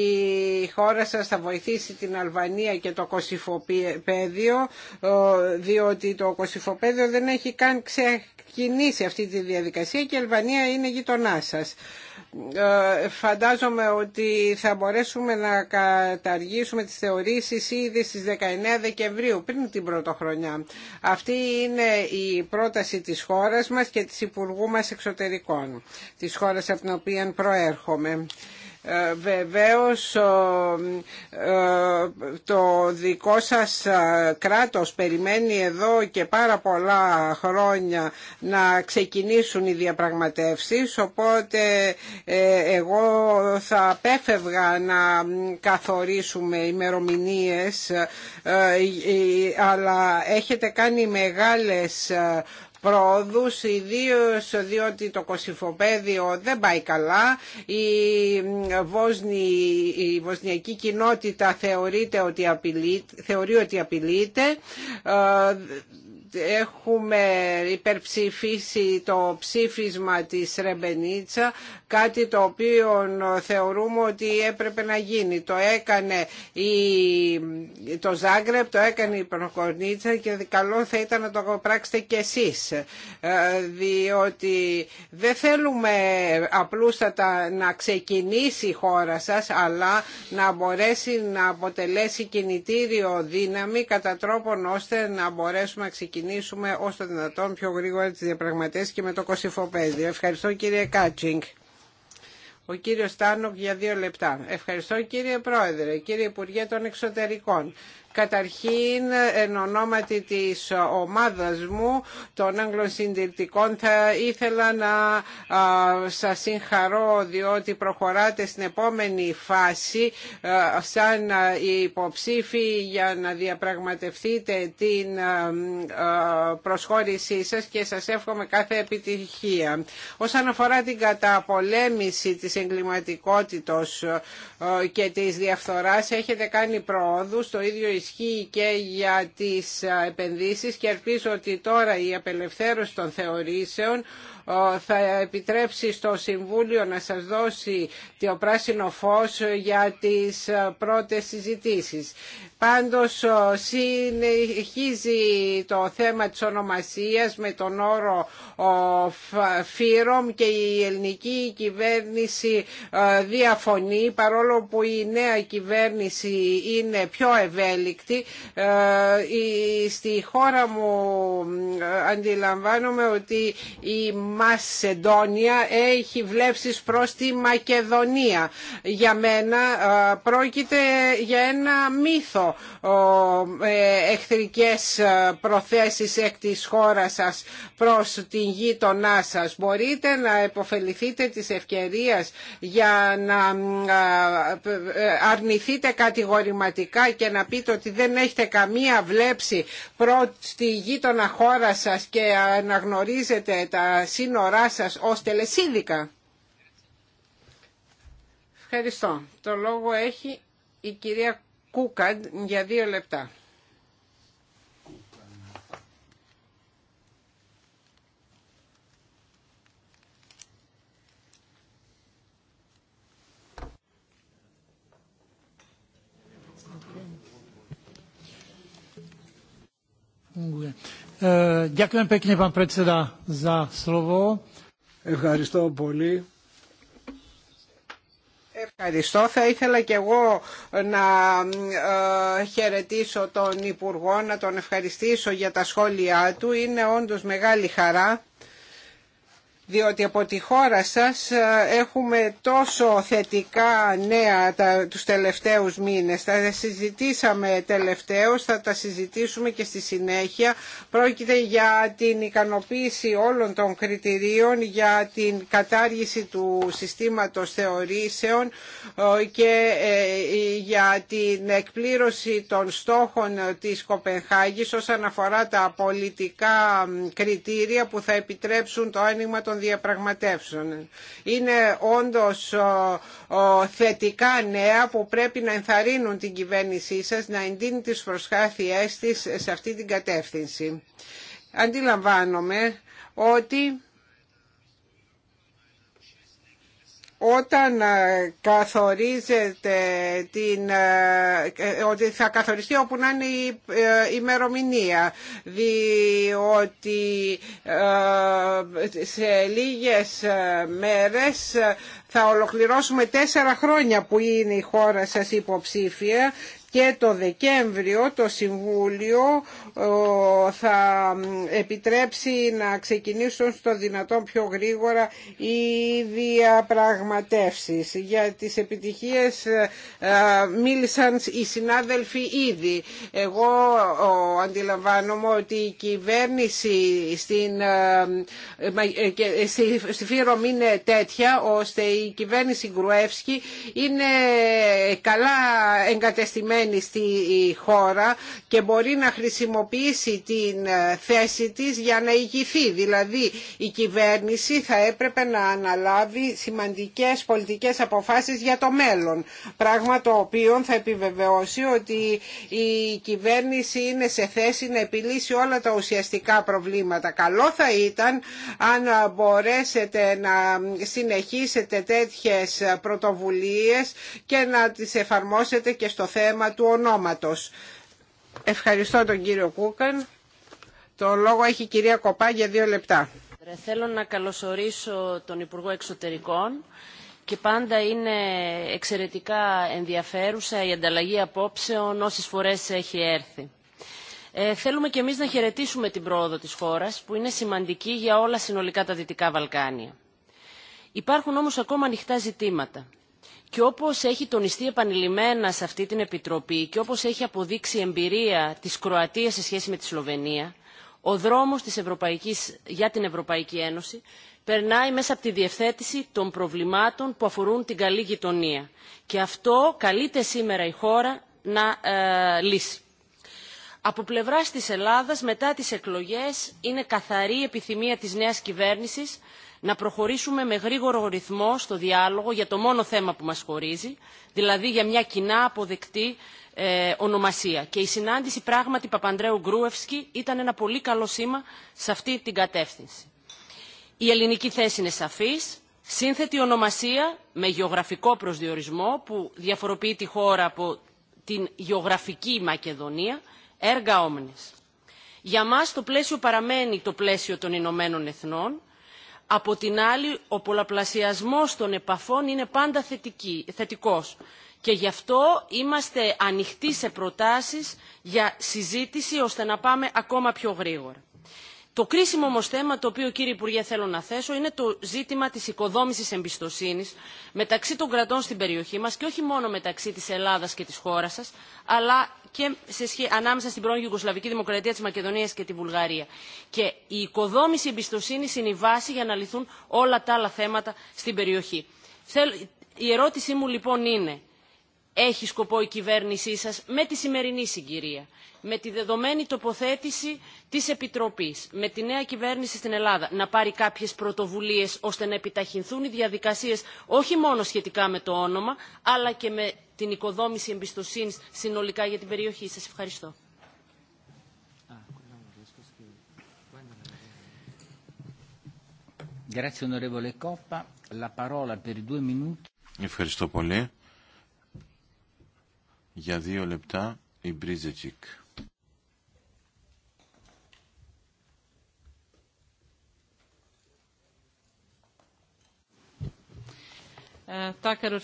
χώρα σας θα βοηθήσει την Αλβανία και το Κωσυφοπέδιο ε, διότι το Κωσυφοπέδιο δεν έχει καν ξεκινήσει αυτή τη διαδικασία και η Αλβανία είναι γειτονά σας. Ε, φαντάζομαι ότι θα μπορέσουμε να καταργήσουμε τις θεωρήσεις ήδη στις 19 Δεκεμβρίου πριν την χρονιά. Αυτή είναι η πρόταση της χώρας μας και της Υπουργού μας Εξωτερικών της χώρας από την οποία προέρχομαι. Ε, βεβαίως ε, το δικό σας ε, κράτος περιμένει εδώ και πάρα πολλά χρόνια να ξεκινήσουν οι διαπραγματεύσεις οπότε εγώ θα απέφευγα να καθορίσουμε ημερομηνίες αλλά έχετε κάνει μεγάλες προόδου, ιδίως διότι το κοσυφοπέδιο δεν πάει καλά η, Βοσνη, η βοσνιακή κοινότητα θεωρείται ότι απειλεί, θεωρεί ότι απειλείται ε, έχουμε υπερψηφίσει το ψήφισμα της Ρεμπενίτσα, κάτι το οποίο θεωρούμε ότι έπρεπε να γίνει. Το έκανε η, το Ζάγκρεπ, το έκανε η Προκορνίτσα και καλό θα ήταν να το πράξετε κι εσείς, ε, διότι δεν θέλουμε απλούστατα να ξεκινήσει η χώρα σας, αλλά να μπορέσει να αποτελέσει κινητήριο δύναμη κατά τρόπον ώστε να μπορέσουμε να ξεκινήσουμε ξεκινήσουμε όσο το δυνατόν πιο γρήγορα τις διαπραγματεύσεις και με το κοσυφοπέδιο. Ευχαριστώ κύριε Κάτσινγκ. Ο κύριος Στάνοκ για δύο λεπτά. Ευχαριστώ κύριε Πρόεδρε, κύριε Υπουργέ των Εξωτερικών. Καταρχήν, εν ονόματι της ομάδας μου των Άγγλων Συντηρητικών θα ήθελα να σας συγχαρώ διότι προχωράτε στην επόμενη φάση σαν υποψήφοι για να διαπραγματευτείτε την προσχώρησή σας και σας εύχομαι κάθε επιτυχία. Όσον αφορά την καταπολέμηση της εγκληματικότητος και της διαφθοράς έχετε κάνει προόδους, το ίδιο ισχύει και για τις επενδύσεις και ελπίζω ότι τώρα η απελευθέρωση των θεωρήσεων θα επιτρέψει στο Συμβούλιο να σας δώσει το πράσινο φως για τις πρώτες συζητήσεις. Πάντως συνεχίζει το θέμα της ονομασίας με τον όρο φύρομ και η ελληνική κυβέρνηση ε, διαφωνεί παρόλο που η νέα κυβέρνηση είναι πιο ευέλικτη. Ε, στη χώρα μου ε, αντιλαμβάνομαι ότι η Μασεντόνια έχει βλέψεις προς τη Μακεδονία. Για μένα πρόκειται για ένα μύθο ε, εχθρικές ε, προθέσεις εκ της χώρας σας προς την γείτονά σας. Μπορείτε να επωφεληθείτε της ευκαιρίας για να ε, αρνηθείτε κατηγορηματικά και να πείτε ότι δεν έχετε καμία βλέψη προς τη γείτονα χώρα σας και να γνωρίζετε τα σύνορά σας ως τελεσίδικα. Ευχαριστώ. Το λόγο έχει η κυρία Κούκαντ για δύο λεπτά. Eh, Ευχαριστώ πολύ. Ευχαριστώ. Θα ήθελα και εγώ να ε, χαιρετήσω τον Υπουργό, να τον ευχαριστήσω για τα σχόλιά του. Είναι όντως μεγάλη χαρά διότι από τη χώρα σας ε, έχουμε τόσο θετικά νέα τα, τους τελευταίους μήνες. Θα συζητήσαμε τελευταίως, θα τα συζητήσουμε και στη συνέχεια. Πρόκειται για την ικανοποίηση όλων των κριτηρίων, για την κατάργηση του συστήματος θεωρήσεων ε, και ε, για την εκπλήρωση των στόχων της Κοπενχάγης όσον αφορά τα πολιτικά κριτήρια που θα επιτρέψουν το άνοιγμα των διαπραγματεύσεων. Είναι όντως θετικά νέα που πρέπει να ενθαρρύνουν την κυβέρνησή σας να εντείνει τις προσχάθειές της σε αυτή την κατεύθυνση. Αντιλαμβάνομαι ότι όταν ε, καθορίζεται την, ε, ε, ότι θα καθοριστεί όπου να είναι η ημερομηνία διότι σε λίγες μέρες θα ολοκληρώσουμε τέσσερα χρόνια που είναι η χώρα σας υποψήφια και το Δεκέμβριο το Συμβούλιο θα επιτρέψει να ξεκινήσουν στο δυνατόν πιο γρήγορα οι διαπραγματεύσεις. Για τις επιτυχίες ε, μίλησαν οι συνάδελφοι ήδη. Εγώ αντιλαμβάνομαι ότι η κυβέρνηση στην, ε, ε, στη Φύρομ είναι τέτοια ώστε η κυβέρνηση Γκρουεύσκη είναι καλά εγκατεστημένη εκλεγμένη στη χώρα και μπορεί να χρησιμοποιήσει την ε, θέση της για να ηγηθεί. Δηλαδή η κυβέρνηση θα έπρεπε να αναλάβει σημαντικές πολιτικές αποφάσεις για το μέλλον. Πράγμα το οποίο θα επιβεβαιώσει ότι η κυβέρνηση είναι σε θέση να επιλύσει όλα τα ουσιαστικά προβλήματα. Καλό θα ήταν αν μπορέσετε να συνεχίσετε τέτοιες πρωτοβουλίες και να τις εφαρμόσετε και στο θέμα του ονόματος. Ευχαριστώ τον κύριο Κούκαν. Το λόγο έχει η κυρία Κοπά για δύο λεπτά. Θέλω να καλωσορίσω τον Υπουργό Εξωτερικών και πάντα είναι εξαιρετικά ενδιαφέρουσα η ανταλλαγή απόψεων όσες φορές έχει έρθει. Ε, θέλουμε και εμείς να χαιρετήσουμε την πρόοδο της χώρας που είναι σημαντική για όλα συνολικά τα Δυτικά Βαλκάνια. Υπάρχουν όμως ακόμα ανοιχτά ζητήματα. Και όπως έχει τονιστεί επανειλημμένα σε αυτή την Επιτροπή και όπως έχει αποδείξει η εμπειρία της Κροατίας σε σχέση με τη Σλοβενία, ο δρόμος της Ευρωπαϊκής, για την Ευρωπαϊκή Ένωση περνάει μέσα από τη διευθέτηση των προβλημάτων που αφορούν την καλή γειτονία. Και αυτό καλείται σήμερα η χώρα να ε, λύσει. Από πλευρά τη Ελλάδα, μετά τις εκλογές, είναι καθαρή επιθυμία της νέας κυβέρνησης να προχωρήσουμε με γρήγορο ρυθμό στο διάλογο για το μόνο θέμα που μας χωρίζει, δηλαδή για μια κοινά αποδεκτή ε, ονομασία. Και η συνάντηση πράγματι Παπαντρέου Γκρούευσκη ήταν ένα πολύ καλό σήμα σε αυτή την κατεύθυνση. Η ελληνική θέση είναι σαφής, σύνθετη ονομασία με γεωγραφικό προσδιορισμό που διαφοροποιεί τη χώρα από την γεωγραφική Μακεδονία, έργα όμνης. Για μας το πλαίσιο παραμένει το πλαίσιο των Ηνωμένων Εθνών, από την άλλη, ο πολλαπλασιασμός των επαφών είναι πάντα θετική, θετικός και γι' αυτό είμαστε ανοιχτοί σε προτάσεις για συζήτηση ώστε να πάμε ακόμα πιο γρήγορα. Το κρίσιμο όμω θέμα το οποίο κύριε Υπουργέ θέλω να θέσω είναι το ζήτημα της οικοδόμησης εμπιστοσύνης μεταξύ των κρατών στην περιοχή μας και όχι μόνο μεταξύ της Ελλάδας και της χώρας σας αλλά και σε σχέ... ανάμεσα στην πρώην Ιουγκοσλαβική Δημοκρατία της Μακεδονίας και τη Βουλγαρία. Και η οικοδόμηση εμπιστοσύνης είναι η βάση για να λυθούν όλα τα άλλα θέματα στην περιοχή. Η ερώτησή μου λοιπόν είναι έχει σκοπό η κυβέρνησή σας με τη σημερινή συγκυρία, με τη δεδομένη τοποθέτηση της Επιτροπής, με τη νέα κυβέρνηση στην Ελλάδα να πάρει κάποιες πρωτοβουλίες ώστε να επιταχυνθούν οι διαδικασίες όχι μόνο σχετικά με το όνομα, αλλά και με την οικοδόμηση εμπιστοσύνης συνολικά για την περιοχή. Σας ευχαριστώ. Ευχαριστώ πολύ. Για δύο λεπτά η Μπρίζετσικ. Ε, ε, ε,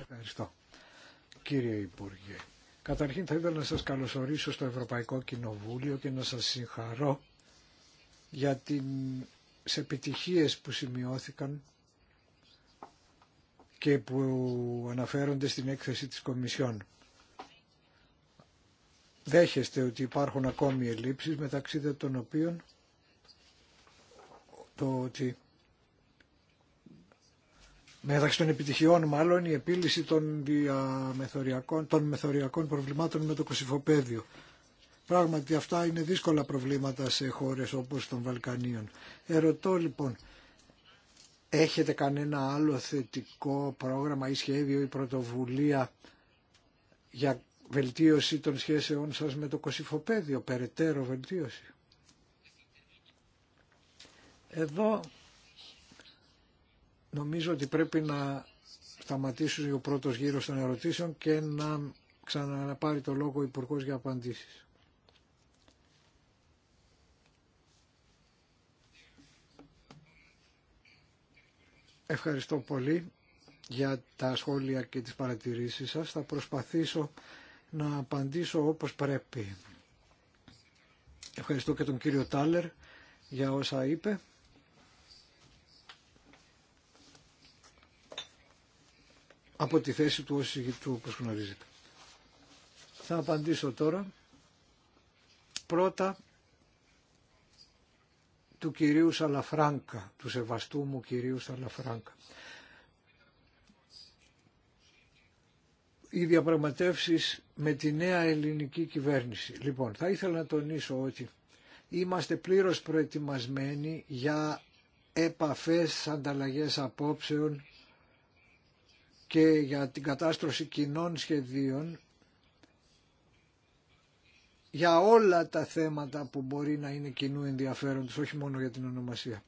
Ευχαριστώ. Κύριε Υπουργέ, καταρχήν θα ήθελα να σας καλωσορίσω στο Ευρωπαϊκό Κοινοβούλιο και να σας συγχαρώ για τις επιτυχίες που σημειώθηκαν και που αναφέρονται στην έκθεση της Κομισιόν. Δέχεστε ότι υπάρχουν ακόμη ελλείψεις μεταξύ των οποίων το ότι μεταξύ των επιτυχιών μάλλον η επίλυση των, διαμεθοριακών, των μεθοριακών προβλημάτων με το κοσυφοπέδιο. Πράγματι αυτά είναι δύσκολα προβλήματα σε χώρες όπως των Βαλκανίων. Ερωτώ λοιπόν, Έχετε κανένα άλλο θετικό πρόγραμμα ή σχέδιο ή πρωτοβουλία για βελτίωση των σχέσεών σας με το κοσυφοπέδιο, περαιτέρω βελτίωση. Εδώ νομίζω ότι πρέπει να σταματήσουν ο πρώτος γύρος των ερωτήσεων και να ξαναπάρει το λόγο ο Υπουργός για απαντήσεις. Ευχαριστώ πολύ για τα σχόλια και τις παρατηρήσεις σας. Θα προσπαθήσω να απαντήσω όπως πρέπει. Ευχαριστώ και τον κύριο Τάλερ για όσα είπε. Από τη θέση του ως ηγητού όπως γνωρίζετε. Θα απαντήσω τώρα. Πρώτα του κυρίου Σαλαφράνκα, του σεβαστού μου κυρίου Σαλαφράνκα. Οι διαπραγματεύσεις με τη νέα ελληνική κυβέρνηση. Λοιπόν, θα ήθελα να τονίσω ότι είμαστε πλήρως προετοιμασμένοι για επαφές, ανταλλαγές απόψεων και για την κατάστρωση κοινών σχεδίων για όλα τα θέματα που μπορεί να είναι κοινού ενδιαφέροντος, όχι μόνο για την ονομασία.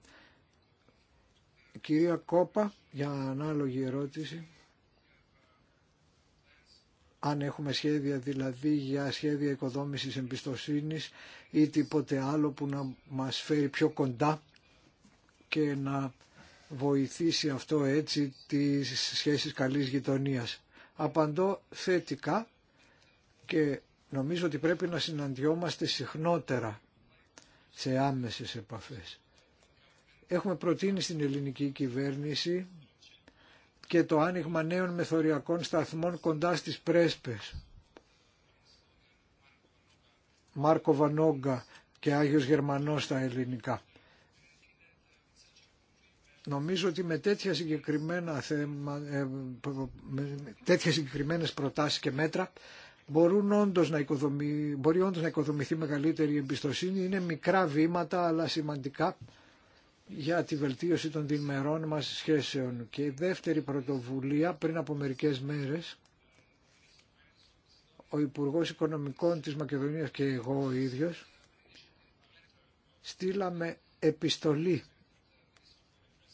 Κυρία Κόπα, για ανάλογη ερώτηση. Αν έχουμε σχέδια δηλαδή για σχέδια οικοδόμησης εμπιστοσύνης ή τίποτε άλλο που να μας φέρει πιο κοντά και να βοηθήσει αυτό έτσι τις σχέσεις καλής γειτονίας. Απαντώ θετικά και Νομίζω ότι πρέπει να συναντιόμαστε συχνότερα σε άμεσες επαφές. Έχουμε προτείνει στην ελληνική κυβέρνηση και το άνοιγμα νέων μεθοριακών σταθμών κοντά στις πρέσπες. Μάρκο Βανόγκα και Άγιος Γερμανός στα ελληνικά. Νομίζω ότι με τέτοια συγκεκριμένα θέματα, ε, τέτοιες συγκεκριμένες προτάσεις και μέτρα μπορούν όντως να μπορεί όντως να οικοδομηθεί μεγαλύτερη εμπιστοσύνη. Είναι μικρά βήματα αλλά σημαντικά για τη βελτίωση των διμερών μας σχέσεων. Και η δεύτερη πρωτοβουλία πριν από μερικές μέρες ο Υπουργός Οικονομικών της Μακεδονίας και εγώ ο ίδιος στείλαμε επιστολή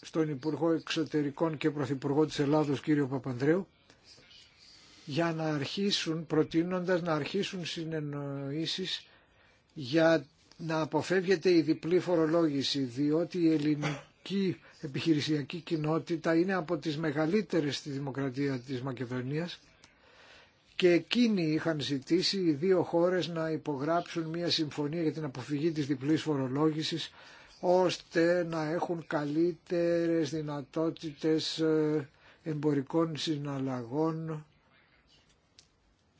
στον Υπουργό Εξωτερικών και Πρωθυπουργό της Ελλάδος κύριο Παπανδρέου για να αρχίσουν, προτείνοντας να αρχίσουν συνεννοήσεις για να αποφεύγεται η διπλή φορολόγηση, διότι η ελληνική επιχειρησιακή κοινότητα είναι από τις μεγαλύτερες στη δημοκρατία της Μακεδονίας και εκείνοι είχαν ζητήσει οι δύο χώρες να υπογράψουν μια συμφωνία για την αποφυγή της διπλής φορολόγησης ώστε να έχουν καλύτερες δυνατότητες ε, εμπορικών συναλλαγών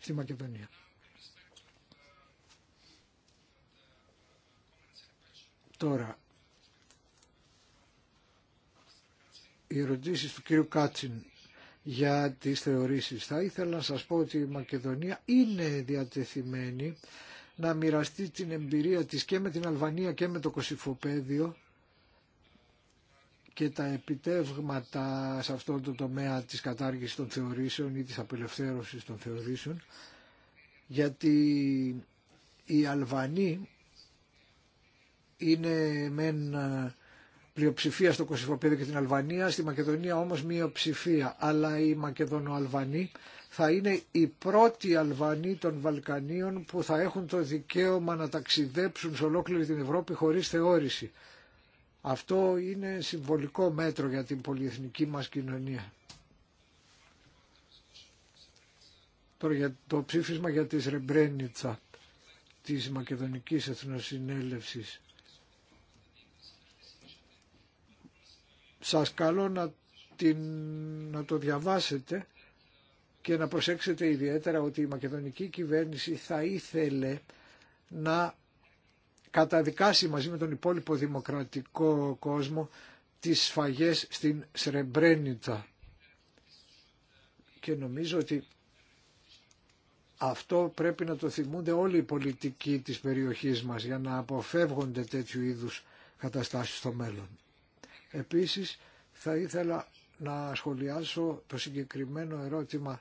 στη Μακεδονία. Τώρα, οι ερωτήσει του κύριου Κάτσιν για τις θεωρήσεις. Θα ήθελα να σας πω ότι η Μακεδονία είναι διατεθειμένη να μοιραστεί την εμπειρία της και με την Αλβανία και με το Κωσυφοπαίδιο και τα επιτεύγματα σε αυτόν τον τομέα της κατάργησης των θεωρήσεων ή της απελευθέρωσης των θεωρήσεων γιατί οι Αλβανοί είναι μεν ε, πλειοψηφία στο Κωσυφοπέδιο και την Αλβανία, στη Μακεδονία όμως μειοψηφία, αλλά οι Μακεδονοαλβανοί θα είναι οι πρώτοι Αλβανοί των Βαλκανίων που θα έχουν το δικαίωμα να ταξιδέψουν σε ολόκληρη την Ευρώπη χωρίς θεώρηση. Αυτό είναι συμβολικό μέτρο για την πολυεθνική μας κοινωνία. Τώρα για το ψήφισμα για τη Ρεμπρένιτσα της Μακεδονικής Εθνοσυνέλευσης. Σας καλώ να, την, να το διαβάσετε και να προσέξετε ιδιαίτερα ότι η μακεδονική κυβέρνηση θα ήθελε να καταδικάσει μαζί με τον υπόλοιπο δημοκρατικό κόσμο τις σφαγές στην Σρεμπρένιτσα. Και νομίζω ότι αυτό πρέπει να το θυμούνται όλοι οι πολιτικοί της περιοχής μας για να αποφεύγονται τέτοιου είδους καταστάσεις στο μέλλον. Επίσης θα ήθελα να σχολιάσω το συγκεκριμένο ερώτημα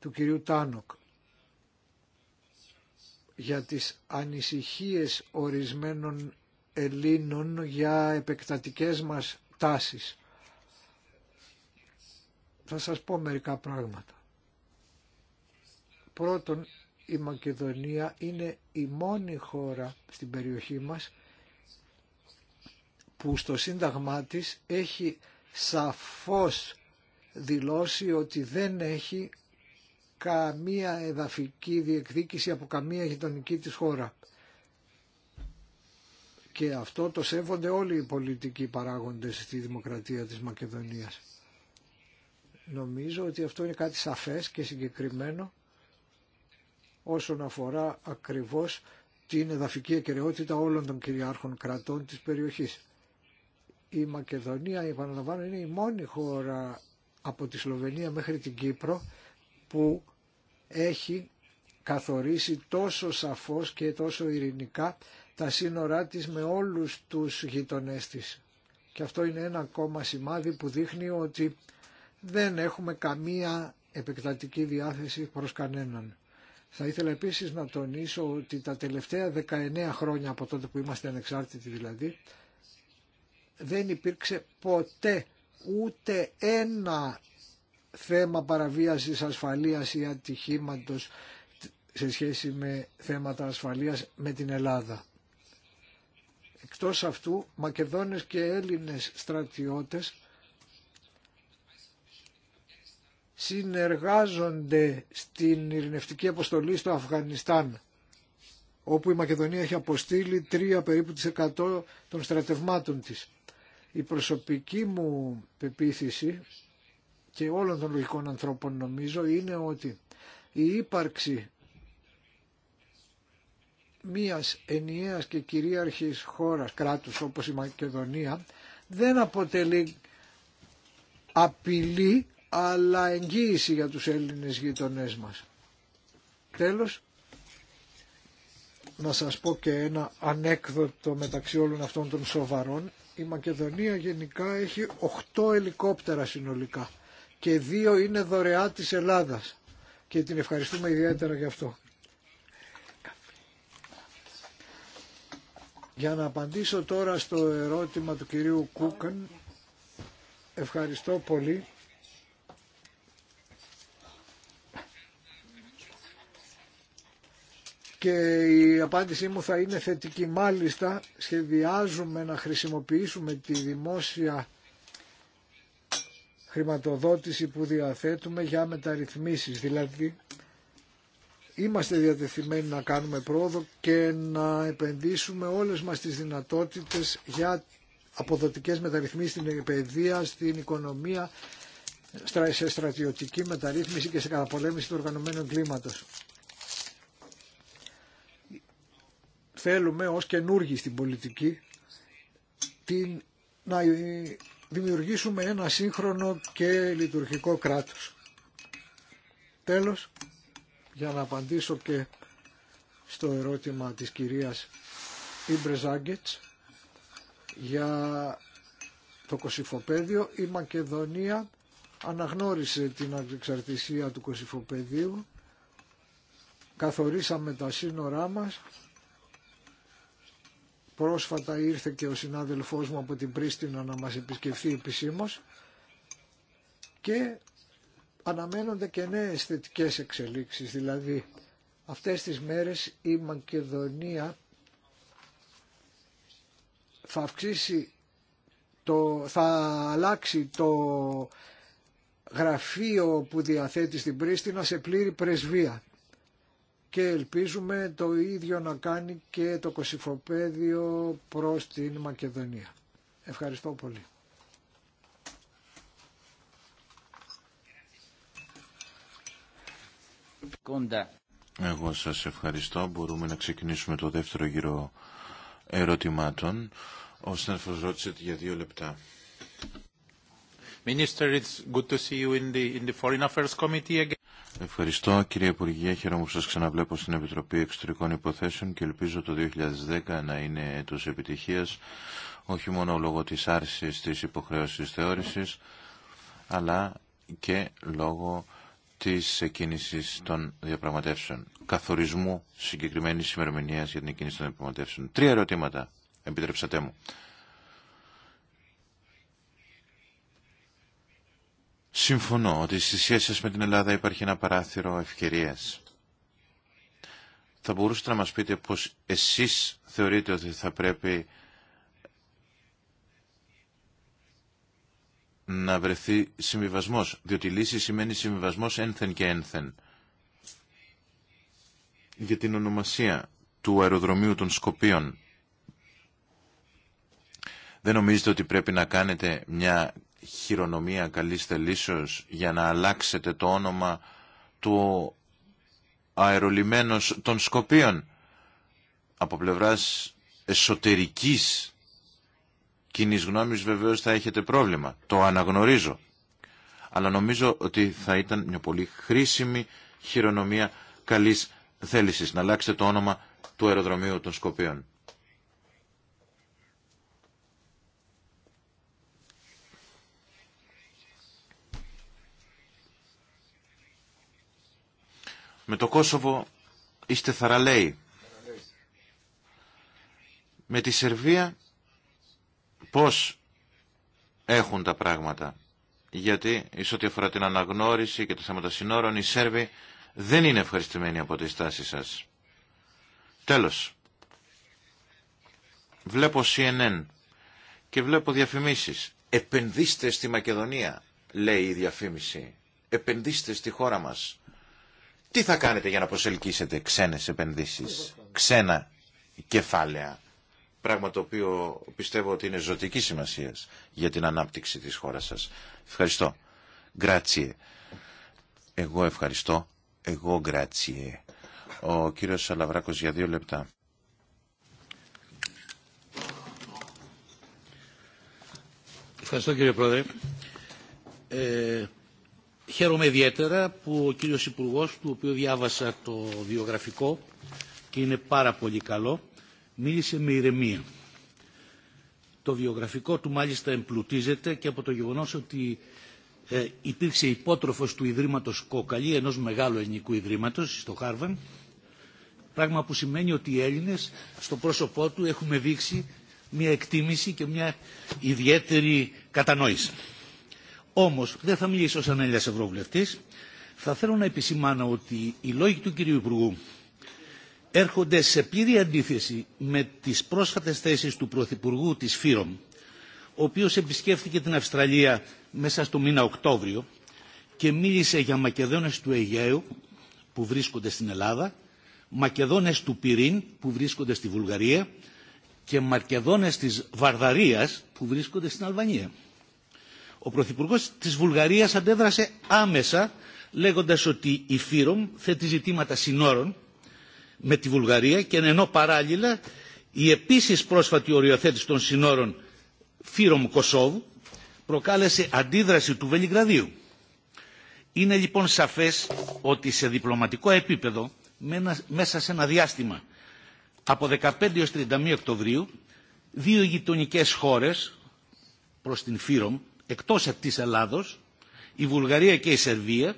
του κυρίου Τάνοκ για τις ανησυχίες ορισμένων Ελλήνων για επεκτατικές μας τάσεις. Θα σας πω μερικά πράγματα. Πρώτον, η Μακεδονία είναι η μόνη χώρα στην περιοχή μας που στο σύνταγμά της έχει σαφώς δηλώσει ότι δεν έχει καμία εδαφική διεκδίκηση από καμία γειτονική της χώρα. Και αυτό το σέβονται όλοι οι πολιτικοί παράγοντες στη δημοκρατία της Μακεδονίας. Νομίζω ότι αυτό είναι κάτι σαφές και συγκεκριμένο όσον αφορά ακριβώς την εδαφική ακεραιότητα όλων των κυριάρχων κρατών της περιοχής. Η Μακεδονία, επαναλαμβάνω, είναι η μόνη χώρα από τη Σλοβενία μέχρι την Κύπρο που έχει καθορίσει τόσο σαφώς και τόσο ειρηνικά τα σύνορά της με όλους τους γειτονές της. Και αυτό είναι ένα ακόμα σημάδι που δείχνει ότι δεν έχουμε καμία επεκτατική διάθεση προς κανέναν. Θα ήθελα επίσης να τονίσω ότι τα τελευταία 19 χρόνια από τότε που είμαστε ανεξάρτητοι δηλαδή δεν υπήρξε ποτέ ούτε ένα θέμα παραβίασης ασφαλείας ή ατυχήματος σε σχέση με θέματα ασφαλείας με την Ελλάδα. Εκτός αυτού, Μακεδόνες και Έλληνες στρατιώτες συνεργάζονται στην ειρηνευτική αποστολή στο Αφγανιστάν, όπου η Μακεδονία έχει αποστείλει 3 περίπου τις 100 των στρατευμάτων της. Η προσωπική μου πεποίθηση και όλων των λογικών ανθρώπων νομίζω είναι ότι η ύπαρξη μίας ενιαίας και κυρίαρχης χώρας, κράτους όπως η Μακεδονία, δεν αποτελεί απειλή αλλά εγγύηση για τους Έλληνες γειτονές μας. Τέλος, να σας πω και ένα ανέκδοτο μεταξύ όλων αυτών των σοβαρών. Η Μακεδονία γενικά έχει 8 ελικόπτερα συνολικά και δύο είναι δωρεά της Ελλάδας και την ευχαριστούμε ιδιαίτερα γι' αυτό. Για να απαντήσω τώρα στο ερώτημα του κυρίου Κούκαν, ευχαριστώ πολύ. Και η απάντησή μου θα είναι θετική. Μάλιστα, σχεδιάζουμε να χρησιμοποιήσουμε τη δημόσια χρηματοδότηση που διαθέτουμε για μεταρρυθμίσεις. Δηλαδή είμαστε διατεθειμένοι να κάνουμε πρόοδο και να επενδύσουμε όλες μας τις δυνατότητες για αποδοτικές μεταρρυθμίσεις στην παιδεία, στην οικονομία, σε στρατιωτική μεταρρύθμιση και σε καταπολέμηση του οργανωμένου κλίματος. Θέλουμε ως καινούργοι στην πολιτική την, δημιουργήσουμε ένα σύγχρονο και λειτουργικό κράτος. Τέλος, για να απαντήσω και στο ερώτημα της κυρίας Ιμπρεζάγκετς για το Κωσυφοπέδιο, η Μακεδονία αναγνώρισε την εξαρτησία του Κωσυφοπεδίου, καθορίσαμε τα σύνορά μας Πρόσφατα ήρθε και ο συνάδελφός μου από την Πρίστινα να μας επισκεφθεί επισήμως και αναμένονται και νέες θετικές εξελίξεις. Δηλαδή αυτές τις μέρες η Μακεδονία θα το, θα αλλάξει το γραφείο που διαθέτει στην Πρίστινα σε πλήρη πρεσβεία και ελπίζουμε το ίδιο να κάνει και το κοσυφοπέδιο προς την Μακεδονία. Ευχαριστώ πολύ. Εγώ σας ευχαριστώ. Μπορούμε να ξεκινήσουμε το δεύτερο γύρο ερωτημάτων. Ο Στέφος ρώτησε για δύο λεπτά. Minister, it's good to see you in the, in the Foreign Affairs Committee Ευχαριστώ κύριε Υπουργέ, χαίρομαι που σας ξαναβλέπω στην Επιτροπή Εξωτερικών Υποθέσεων και ελπίζω το 2010 να είναι έτο επιτυχίας, όχι μόνο λόγω της άρσης της υποχρέωση θεώρησης, αλλά και λόγω της εκκίνηση των διαπραγματεύσεων, καθορισμού συγκεκριμένη ημερομηνία για την εκκίνηση των διαπραγματεύσεων. Τρία ερωτήματα, επιτρέψατε μου. Συμφωνώ ότι σχέση σας με την Ελλάδα υπάρχει ένα παράθυρο ευκαιρίας. Θα μπορούσατε να μας πείτε πως εσείς θεωρείτε ότι θα πρέπει να βρεθεί συμβιβασμός, διότι λύση σημαίνει συμβιβασμός ένθεν και ένθεν. Για την ονομασία του αεροδρομίου των Σκοπίων, δεν νομίζετε ότι πρέπει να κάνετε μια χειρονομία καλής θελήσεως για να αλλάξετε το όνομα του αερολιμένος των Σκοπίων από πλευράς εσωτερικής κοινής γνώμης βεβαίως θα έχετε πρόβλημα. Το αναγνωρίζω. Αλλά νομίζω ότι θα ήταν μια πολύ χρήσιμη χειρονομία καλής θέλησης να αλλάξετε το όνομα του αεροδρομίου των Σκοπίων. Με το Κόσοβο είστε θαραλέοι. Με τη Σερβία πώς έχουν τα πράγματα. Γιατί, εις ό,τι αφορά την αναγνώριση και τα θέματα συνόρων, οι Σέρβοι δεν είναι ευχαριστημένοι από τη στάση σας. Τέλος. Βλέπω CNN και βλέπω διαφημίσεις. Επενδύστε στη Μακεδονία, λέει η διαφήμιση. Επενδύστε στη χώρα μας τι θα κάνετε για να προσελκύσετε ξένες επενδύσεις, ξένα κεφάλαια, πράγμα το οποίο πιστεύω ότι είναι ζωτική σημασία για την ανάπτυξη της χώρας σας. Ευχαριστώ. Γκράτσιε. Εγώ ευχαριστώ. Εγώ γκράτσιε. Ο κύριος Σαλαβράκος για δύο λεπτά. Ευχαριστώ κύριε Πρόεδρε. Ε, Χαίρομαι ιδιαίτερα που ο κύριος Υπουργός, του οποίου διάβασα το βιογραφικό και είναι πάρα πολύ καλό, μίλησε με ηρεμία. Το βιογραφικό του μάλιστα εμπλουτίζεται και από το γεγονός ότι ε, υπήρξε υπότροφος του Ιδρύματος Κόκαλη, ενός μεγάλου ελληνικού ιδρύματος στο Χάρβαν, πράγμα που σημαίνει ότι οι Έλληνες στο πρόσωπό του έχουμε δείξει μια εκτίμηση και μια ιδιαίτερη κατανόηση. Όμως δεν θα μιλήσω σαν Έλληνα Ευρωβουλευτή. Θα θέλω να επισημάνω ότι οι λόγοι του κυρίου Υπουργού έρχονται σε πλήρη αντίθεση με τις πρόσφατες θέσεις του Πρωθυπουργού της Φύρομ, ο οποίος επισκέφθηκε την Αυστραλία μέσα στο μήνα Οκτώβριο και μίλησε για Μακεδόνες του Αιγαίου που βρίσκονται στην Ελλάδα, Μακεδόνες του Πυρήν που βρίσκονται στη Βουλγαρία και Μακεδόνες της Βαρδαρίας που βρίσκονται στην Αλβανία. Ο Πρωθυπουργός της Βουλγαρίας αντέδρασε άμεσα λέγοντας ότι η ΦΥΡΟΜ θέτει ζητήματα συνόρων με τη Βουλγαρία και ενώ παράλληλα η επίσης πρόσφατη οριοθέτηση των συνόρων ΦΥΡΟΜ Κωσόβου προκάλεσε αντίδραση του Βελιγραδίου. Είναι λοιπόν σαφές ότι σε διπλωματικό επίπεδο μέσα σε ένα διάστημα από 15 έως 31 Οκτωβρίου δύο γειτονικέ χώρες προς την ΦΥΡΟΜ εκτός της Ελλάδος, η Βουλγαρία και η Σερβία,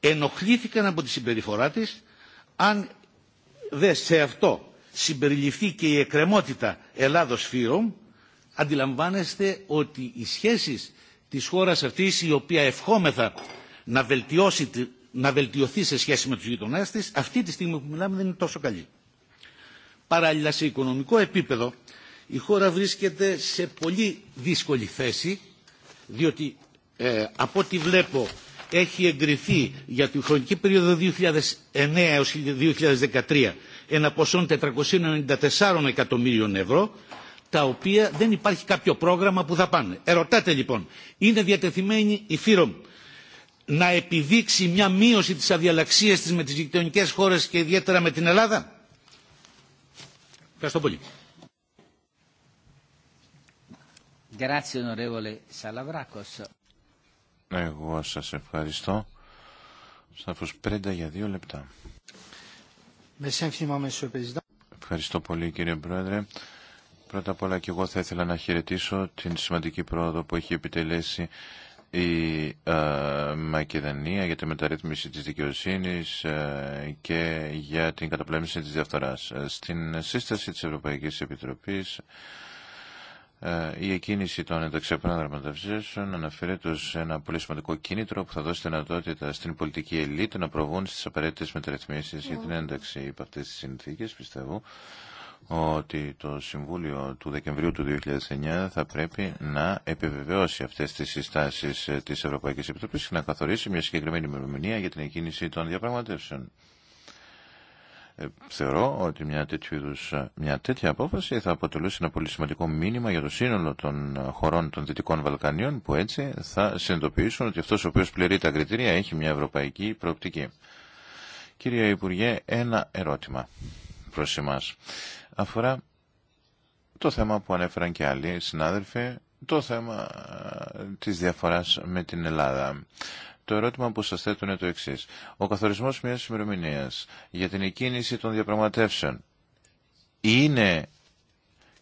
ενοχλήθηκαν από τη συμπεριφορά της, αν δε σε αυτό συμπεριληφθεί και η εκκρεμότητα Ελλάδος Ελλάδος-Φύρων, αντιλαμβάνεστε ότι οι σχέσεις της χώρας αυτής, η οποία ευχόμεθα να, να βελτιωθεί σε σχέση με τους γειτονές της, αυτή τη στιγμή που μιλάμε δεν είναι τόσο καλή. Παράλληλα, σε οικονομικό επίπεδο, η χώρα βρίσκεται σε πολύ δύσκολη θέση διότι ε, από ό,τι βλέπω έχει εγκριθεί για τη χρονική περίοδο 2009 έως 2013 ένα ποσό 494 εκατομμύριων ευρώ τα οποία δεν υπάρχει κάποιο πρόγραμμα που θα πάνε. Ερωτάτε λοιπόν, είναι διατεθειμένη η ΦΥΡΟΜ να επιδείξει μια μείωση της αδιαλαξίας της με τις γειτονικές χώρες και ιδιαίτερα με την Ελλάδα. Ευχαριστώ πολύ. Εγώ σας ευχαριστώ. Σαφω Πρέντα για δύο λεπτά. Ευχαριστώ πολύ κύριε Πρόεδρε. Πρώτα απ' όλα και εγώ θα ήθελα να χαιρετήσω την σημαντική πρόοδο που έχει επιτελέσει η ε, Μακεδονία για τη μεταρρύθμιση της δικαιοσύνης ε, και για την καταπλέμιση της διαφθοράς. Στην σύσταση της Ευρωπαϊκής Επιτροπής ε, η εκκίνηση των ενταξιακών δραματευσεων αναφέρεται ως ένα πολύ σημαντικό κίνητρο που θα δώσει δυνατότητα στην πολιτική ελίτ να προβούν στις απαραίτητες μεταρρυθμίσεις για την ναι. ένταξη υπ' αυτές τις συνθήκες. Πιστεύω ότι το Συμβούλιο του Δεκεμβρίου του 2009 θα πρέπει να επιβεβαιώσει αυτές τις συστάσεις ε, της Ευρωπαϊκής Επιτροπής και να καθορίσει μια συγκεκριμένη ημερομηνία για την εκκίνηση των διαπραγματεύσεων. Ε, θεωρώ ότι μια, ε, μια τέτοια απόφαση θα αποτελούσε ένα πολύ σημαντικό μήνυμα για το σύνολο των ε, χωρών των Δυτικών Βαλκανίων που έτσι θα συνειδητοποιήσουν ότι αυτός ο οποίος πληρεί τα κριτήρια έχει μια ευρωπαϊκή προοπτική. Κύριε Υπουργέ, ένα ερώτημα προς εμάς. Αφορά το θέμα που ανέφεραν και άλλοι συνάδελφοι, το θέμα της διαφοράς με την Ελλάδα. Το ερώτημα που σας θέτω είναι το εξής. Ο καθορισμός μιας ημερομηνία για την εκκίνηση των διαπραγματεύσεων είναι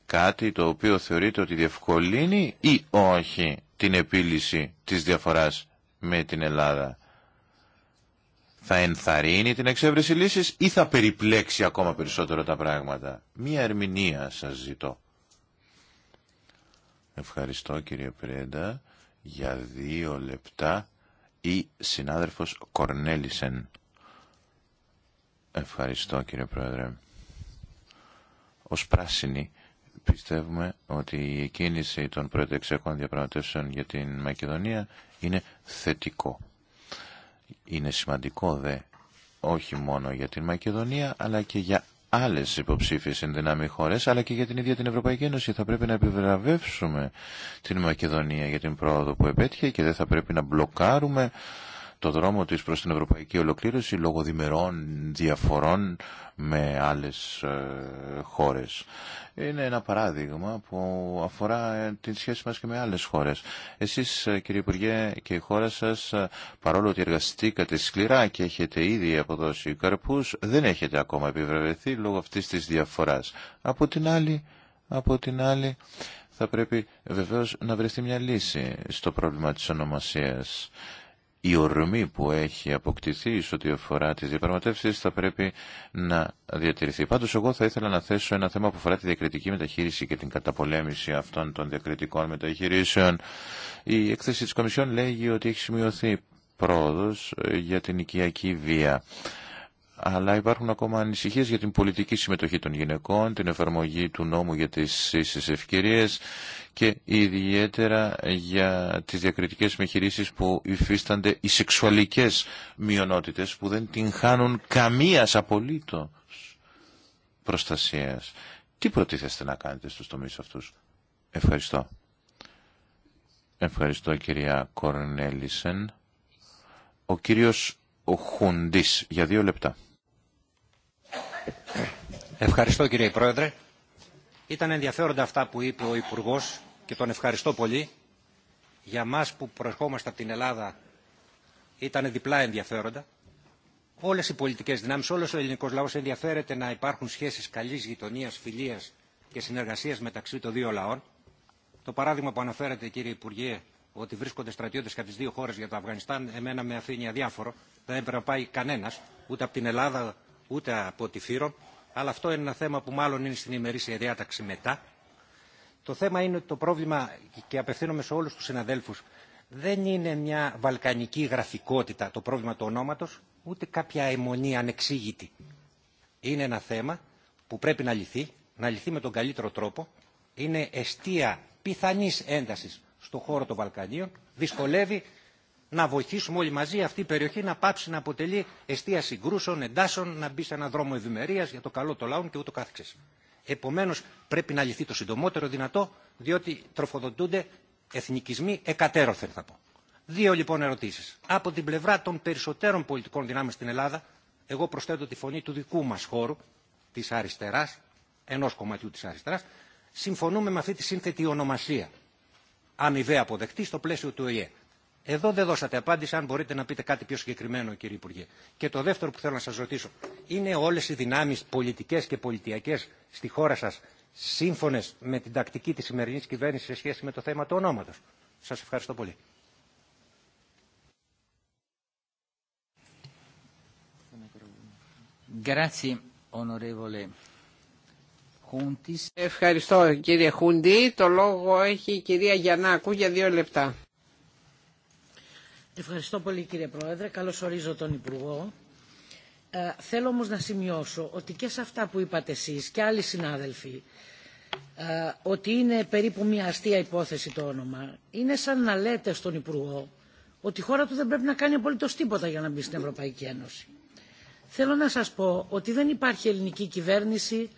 κάτι το οποίο θεωρείται ότι διευκολύνει ή όχι την επίλυση της διαφοράς με την Ελλάδα. Θα ενθαρρύνει την εξέβρεση λύσης ή θα περιπλέξει ακόμα περισσότερο τα πράγματα. Μία ερμηνεία σας ζητώ. Ευχαριστώ κύριε Πρέντα για δύο λεπτά η συνάδελφος Κορνέλισεν. Ευχαριστώ κύριε Πρόεδρε. Ως πράσινοι πιστεύουμε ότι η κίνηση των πρώτων διαπραγματεύσεων για την Μακεδονία είναι θετικό. Είναι σημαντικό δε όχι μόνο για την Μακεδονία αλλά και για Άλλε υποψήφίε εν δυνάμει αλλά και για την ίδια την Ευρωπαϊκή Ένωση. Θα πρέπει να επιβραβεύσουμε την Μακεδονία για την πρόοδο που επέτυχε και δεν θα πρέπει να μπλοκάρουμε το δρόμο της προς την ευρωπαϊκή ολοκλήρωση λόγω διμερών διαφορών με άλλες ε, χώρες. Είναι ένα παράδειγμα που αφορά ε, την σχέση μας και με άλλες χώρες. Εσείς ε, κύριε Υπουργέ και η χώρα σας παρόλο ότι εργαστήκατε σκληρά και έχετε ήδη αποδώσει καρπούς δεν έχετε ακόμα επιβραβευθεί λόγω αυτής της διαφοράς. Από την άλλη, από την άλλη θα πρέπει βεβαίως να βρεθεί μια λύση στο πρόβλημα της ονομασίας η ορμή που έχει αποκτηθεί σε ό,τι αφορά τις διαπραγματεύσεις θα πρέπει να διατηρηθεί. Πάντως εγώ θα ήθελα να θέσω ένα θέμα που αφορά τη διακριτική μεταχείριση και την καταπολέμηση αυτών των διακριτικών μεταχειρήσεων. Η έκθεση της Κομισιόν λέγει ότι έχει σημειωθεί πρόοδος ε, για την οικιακή βία αλλά υπάρχουν ακόμα ανησυχίες για την πολιτική συμμετοχή των γυναικών, την εφαρμογή του νόμου για τις ίσες ευκαιρίες και ιδιαίτερα για τις διακριτικές μεχειρήσεις που υφίστανται οι σεξουαλικές μειονότητες που δεν την χάνουν καμία απολύτως προστασίας. Τι προτίθεστε να κάνετε στους τομείς αυτούς. Ευχαριστώ. Ευχαριστώ κυρία Κορνέλισεν. Ο κύριος ο Χουντής για δύο λεπτά. Ευχαριστώ κύριε Πρόεδρε. Ήταν ενδιαφέροντα αυτά που είπε ο Υπουργό και τον ευχαριστώ πολύ. Για μας που προερχόμαστε από την Ελλάδα ήταν διπλά ενδιαφέροντα. Όλες οι πολιτικές δυνάμεις, όλος ο ελληνικός λαός ενδιαφέρεται να υπάρχουν σχέσεις καλής γειτονίας, φιλίας και συνεργασίας μεταξύ των δύο λαών. Το παράδειγμα που αναφέρατε κύριε Υπουργέ ότι βρίσκονται στρατιώτε και από τι δύο χώρε για το Αφγανιστάν, εμένα με αφήνει αδιάφορο. Δεν έπρεπε να πάει κανένα, ούτε από την Ελλάδα, ούτε από τη Φύρο. Αλλά αυτό είναι ένα θέμα που μάλλον είναι στην ημερήσια διάταξη μετά. Το θέμα είναι ότι το πρόβλημα, και απευθύνομαι σε όλου του συναδέλφου, δεν είναι μια βαλκανική γραφικότητα το πρόβλημα του ονόματο, ούτε κάποια αιμονή ανεξήγητη. Είναι ένα θέμα που πρέπει να λυθεί, να λυθεί με τον καλύτερο τρόπο. Είναι αιστεία πιθανή ένταση στον χώρο των Βαλκανίων, δυσκολεύει να βοηθήσουμε όλοι μαζί αυτή η περιοχή να πάψει να αποτελεί αιστεία συγκρούσεων, εντάσσεων, να μπει σε έναν δρόμο ευημερία για το καλό των λαών και ούτω κάθεξης. Επομένω, πρέπει να λυθεί το συντομότερο δυνατό, διότι τροφοδοτούνται εθνικισμοί εκατέρωθεν, θα πω. Δύο λοιπόν ερωτήσει. Από την πλευρά των περισσότερων πολιτικών δυνάμεων στην Ελλάδα, εγώ προσθέτω τη φωνή του δικού μα χώρου, τη αριστερά, ενό κομματιού τη αριστερά, συμφωνούμε με αυτή τη σύνθετη ονομασία αμοιβαία αποδεκτή στο πλαίσιο του ΟΗΕ. Εδώ δεν δώσατε απάντηση, αν μπορείτε να πείτε κάτι πιο συγκεκριμένο, κύριε Υπουργέ. Και το δεύτερο που θέλω να σας ρωτήσω, είναι όλες οι δυνάμεις πολιτικές και πολιτιακές στη χώρα σας σύμφωνες με την τακτική της σημερινής κυβέρνησης σε σχέση με το θέμα του ονόματος. Σας ευχαριστώ πολύ. Grazie, onorevole Ευχαριστώ κύριε Χούντι. Το λόγο έχει η κυρία Γιαννάκου για δύο λεπτά. Ευχαριστώ πολύ κύριε Πρόεδρε. Καλώς ορίζω τον Υπουργό. Ε, θέλω όμως να σημειώσω ότι και σε αυτά που είπατε εσείς και άλλοι συνάδελφοι ε, ότι είναι περίπου μια αστεία υπόθεση το όνομα. Είναι σαν να λέτε στον Υπουργό ότι η χώρα του δεν πρέπει να κάνει απολύτω τίποτα για να μπει στην Ευρωπαϊκή Ένωση. Θέλω να σας πω ότι δεν υπάρχει ελληνική κυβέρνηση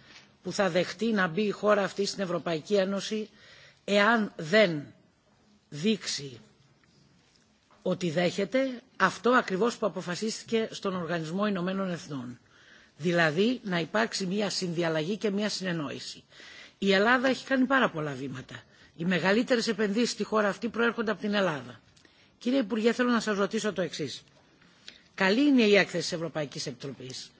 που θα δεχτεί να μπει η χώρα αυτή στην Ευρωπαϊκή Ένωση εάν δεν δείξει ότι δέχεται αυτό ακριβώς που αποφασίστηκε στον Οργανισμό Ηνωμένων Εθνών. Δηλαδή να υπάρξει μια συνδιαλλαγή και μια συνεννόηση. Η Ελλάδα έχει κάνει πάρα πολλά βήματα. Οι μεγαλύτερες επενδύσεις στη χώρα αυτή προέρχονται από την Ελλάδα. Κύριε Υπουργέ, θέλω να σας ρωτήσω το εξής. Καλή είναι η έκθεση της Ευρωπαϊκής Επιτροπής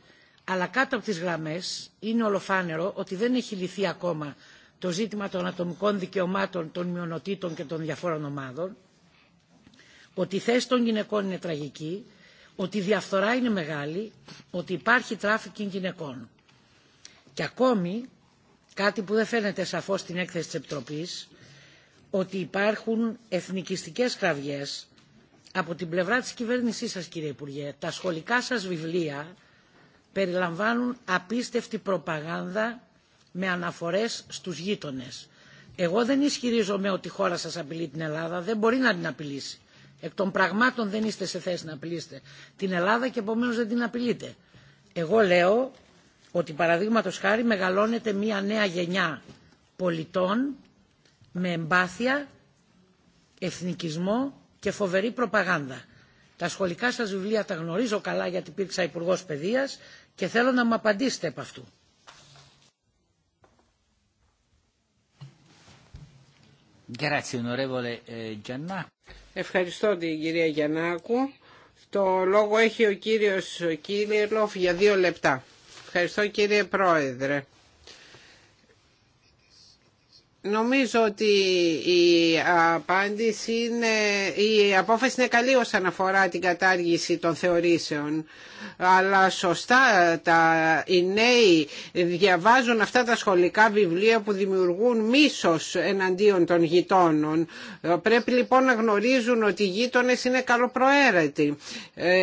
αλλά κάτω από τις γραμμές είναι ολοφάνερο ότι δεν έχει λυθεί ακόμα το ζήτημα των ατομικών δικαιωμάτων των μειονοτήτων και των διαφόρων ομάδων, ότι η θέση των γυναικών είναι τραγική, ότι η διαφθορά είναι μεγάλη, ότι υπάρχει τράφικινγκ γυναικών. Και ακόμη, κάτι που δεν φαίνεται σαφώς στην έκθεση της Επιτροπής, ότι υπάρχουν εθνικιστικές κραυγές από την πλευρά της κυβέρνησής σας, κύριε Υπουργέ. Τα σχολικά σας βιβλία περιλαμβάνουν απίστευτη προπαγάνδα με αναφορές στους γείτονες. Εγώ δεν ισχυρίζομαι ότι η χώρα σας απειλεί την Ελλάδα, δεν μπορεί να την απειλήσει. Εκ των πραγμάτων δεν είστε σε θέση να απειλήσετε την Ελλάδα και επομένω δεν την απειλείτε. Εγώ λέω ότι παραδείγματο χάρη μεγαλώνεται μια νέα γενιά πολιτών με εμπάθεια, εθνικισμό και φοβερή προπαγάνδα. Τα σχολικά σας βιβλία τα γνωρίζω καλά γιατί υπήρξα υπουργό Παιδείας και θέλω να μου απαντήσετε από αυτού. Ε, Ευχαριστώ την κυρία Γιαννάκου. Το λόγο έχει ο κύριος Κύριλοφ για δύο λεπτά. Ευχαριστώ κύριε Πρόεδρε. Νομίζω ότι η απάντηση είναι, η απόφαση είναι καλή όσον αφορά την κατάργηση των θεωρήσεων. Αλλά σωστά τα, οι νέοι διαβάζουν αυτά τα σχολικά βιβλία που δημιουργούν μίσος εναντίον των γειτόνων. Πρέπει λοιπόν να γνωρίζουν ότι οι γείτονε είναι καλοπροαίρετοι.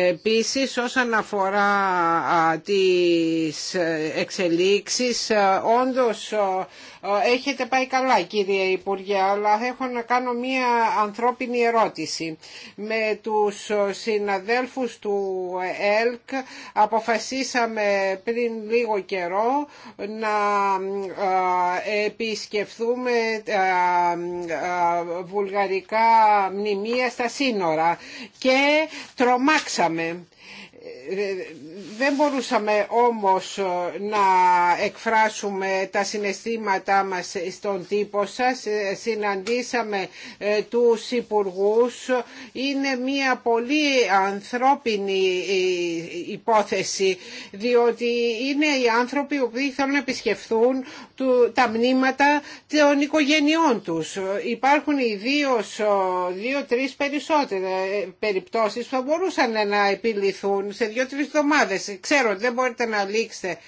Επίση, όσον αφορά τις ε, εξελίξεις, ε, όντως ε, έχετε πάει καλά κύριε Υπουργέ, αλλά έχω να κάνω μία ανθρώπινη ερώτηση. Με τους συναδέλφους του ΕΛΚ αποφασίσαμε πριν λίγο καιρό να ε, επισκεφθούμε ε, βουλγαρικά μνημεία στα σύνορα και τρομάξαμε δεν μπορούσαμε όμως να εκφράσουμε τα συναισθήματά μας στον τύπο σας. Συναντήσαμε ε, του υπουργούς. Είναι μια πολύ ανθρώπινη ε, υπόθεση διότι είναι οι άνθρωποι που θέλουν να επισκεφθούν τα μνήματα των οικογενειών τους. Υπάρχουν ιδίως ε, δύο-τρεις περισσότερες περιπτώσεις που θα μπορούσαν να επιληθούν σε δύο-τρεις εβδομάδες. Ξέρω ότι δεν μπορείτε να λήξετε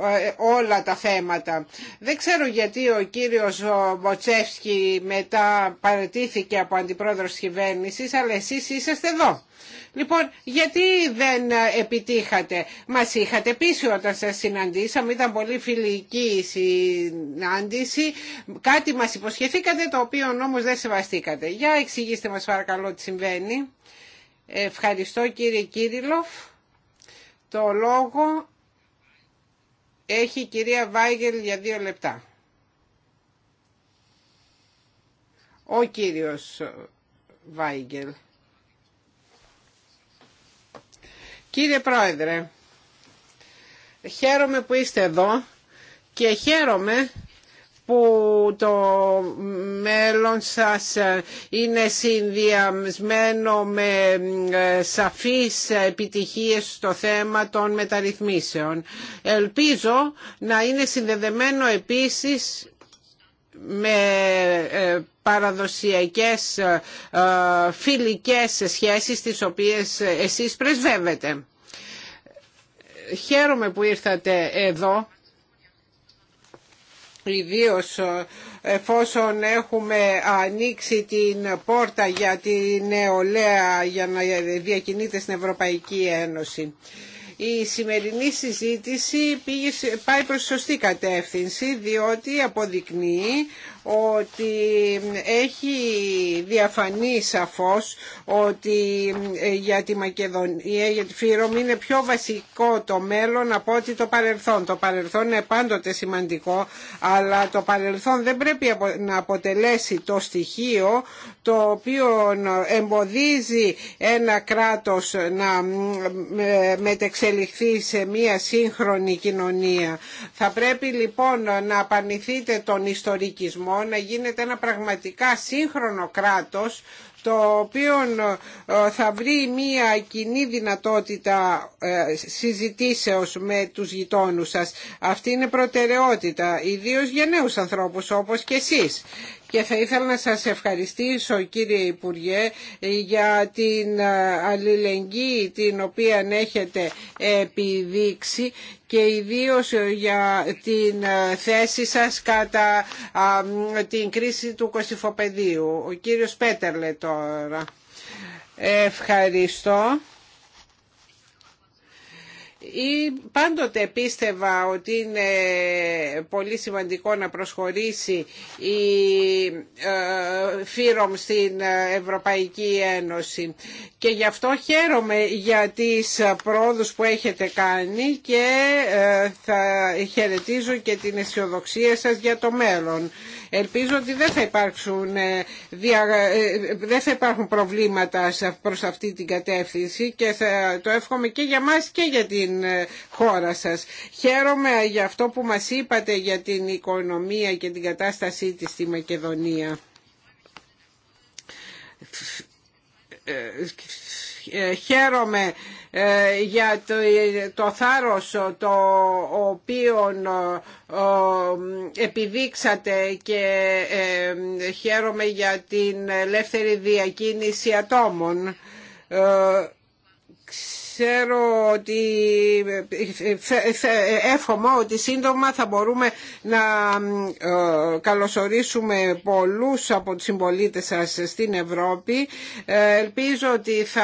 ε, όλα τα θέματα. Δεν ξέρω γιατί ο κύριος Μποτσεύσκη μετά παρετήθηκε από αντιπρόεδρο της κυβέρνησης, αλλά εσείς είσαστε εδώ. Λοιπόν, γιατί δεν ε, επιτύχατε. Μας είχατε πίσω όταν σας συναντήσαμε, ήταν πολύ φιλική η συνάντηση. Κάτι μας υποσχεθήκατε, το οποίο όμως δεν σεβαστήκατε. Για εξηγήστε μας παρακαλώ τι συμβαίνει. Ευχαριστώ κύριε Κύριλοφ. Το λόγο έχει η κυρία Βάγγελ για δύο λεπτά. Ο κύριος Βάγγελ. Κύριε Πρόεδρε, χαίρομαι που είστε εδώ και χαίρομαι που το μέλλον σας είναι συνδυασμένο με ε, σαφείς επιτυχίες στο θέμα των μεταρρυθμίσεων. Ελπίζω να είναι συνδεδεμένο επίσης με ε, παραδοσιακές ε, φιλικές σχέσεις τις οποίες εσείς πρεσβεύετε. Χαίρομαι που ήρθατε εδώ ιδίω ε, εφόσον έχουμε ανοίξει την πόρτα για τη νεολαία για να διακινείται στην Ευρωπαϊκή Ένωση. Η σημερινή συζήτηση πήγε, πάει προς σωστή κατεύθυνση διότι αποδεικνύει ότι έχει διαφανεί σαφώς ότι ε, για τη Μακεδονία, για τη Φύρομ είναι πιο βασικό το μέλλον από ότι το παρελθόν. Το παρελθόν είναι πάντοτε σημαντικό, αλλά το παρελθόν δεν πρέπει να αποτελέσει το στοιχείο το οποίο εμποδίζει ένα κράτος να ε, μετεξελιχθεί σε μία σύγχρονη κοινωνία. Θα πρέπει λοιπόν να απαρνηθείτε τον ιστορικισμό να γίνεται ένα πραγματικά σύγχρονο κράτος το οποίο ε, θα βρει μια κοινή δυνατότητα ε, συζητήσεως με τους γειτόνους σας. Αυτή είναι προτεραιότητα, ιδίως για νέους ανθρώπους όπως και εσείς και θα ήθελα να σας ευχαριστήσω κύριε Υπουργέ για την ε, αλληλεγγύη την οποία έχετε επιδείξει και ιδίως για την ε, θέση σας κατά την κρίση του Κωσυφοπεδίου. Ο κύριος Πέτερλε τώρα. Ευχαριστώ ή πάντοτε πίστευα ότι είναι πολύ σημαντικό να προσχωρήσει η ε, ΦΥΡΟΜ στην Ευρωπαϊκή Ένωση και γι' αυτό χαίρομαι για τις πρόοδους που έχετε κάνει και ε, θα χαιρετίζω και την αισιοδοξία σας για το μέλλον. Ελπίζω ότι δεν θα, υπάρξουν, ε, ε, δεν θα υπάρχουν προβλήματα προς αυτή την κατεύθυνση και το εύχομαι και για μας και για την ε, χώρα σας. Χαίρομαι για αυτό που μας είπατε για την οικονομία και την κατάστασή της στη Μακεδονία ε, χαίρομαι ε, για το, το θάρρος ε, το οποίο επιδείξατε και χαίρομαι για την ελεύθερη διακίνηση ατόμων ξέρω ότι εύχομαι ότι σύντομα θα μπορούμε να ε, καλωσορίσουμε πολλούς από τους συμπολίτε σας στην Ευρώπη. Ε, ελπίζω ότι θα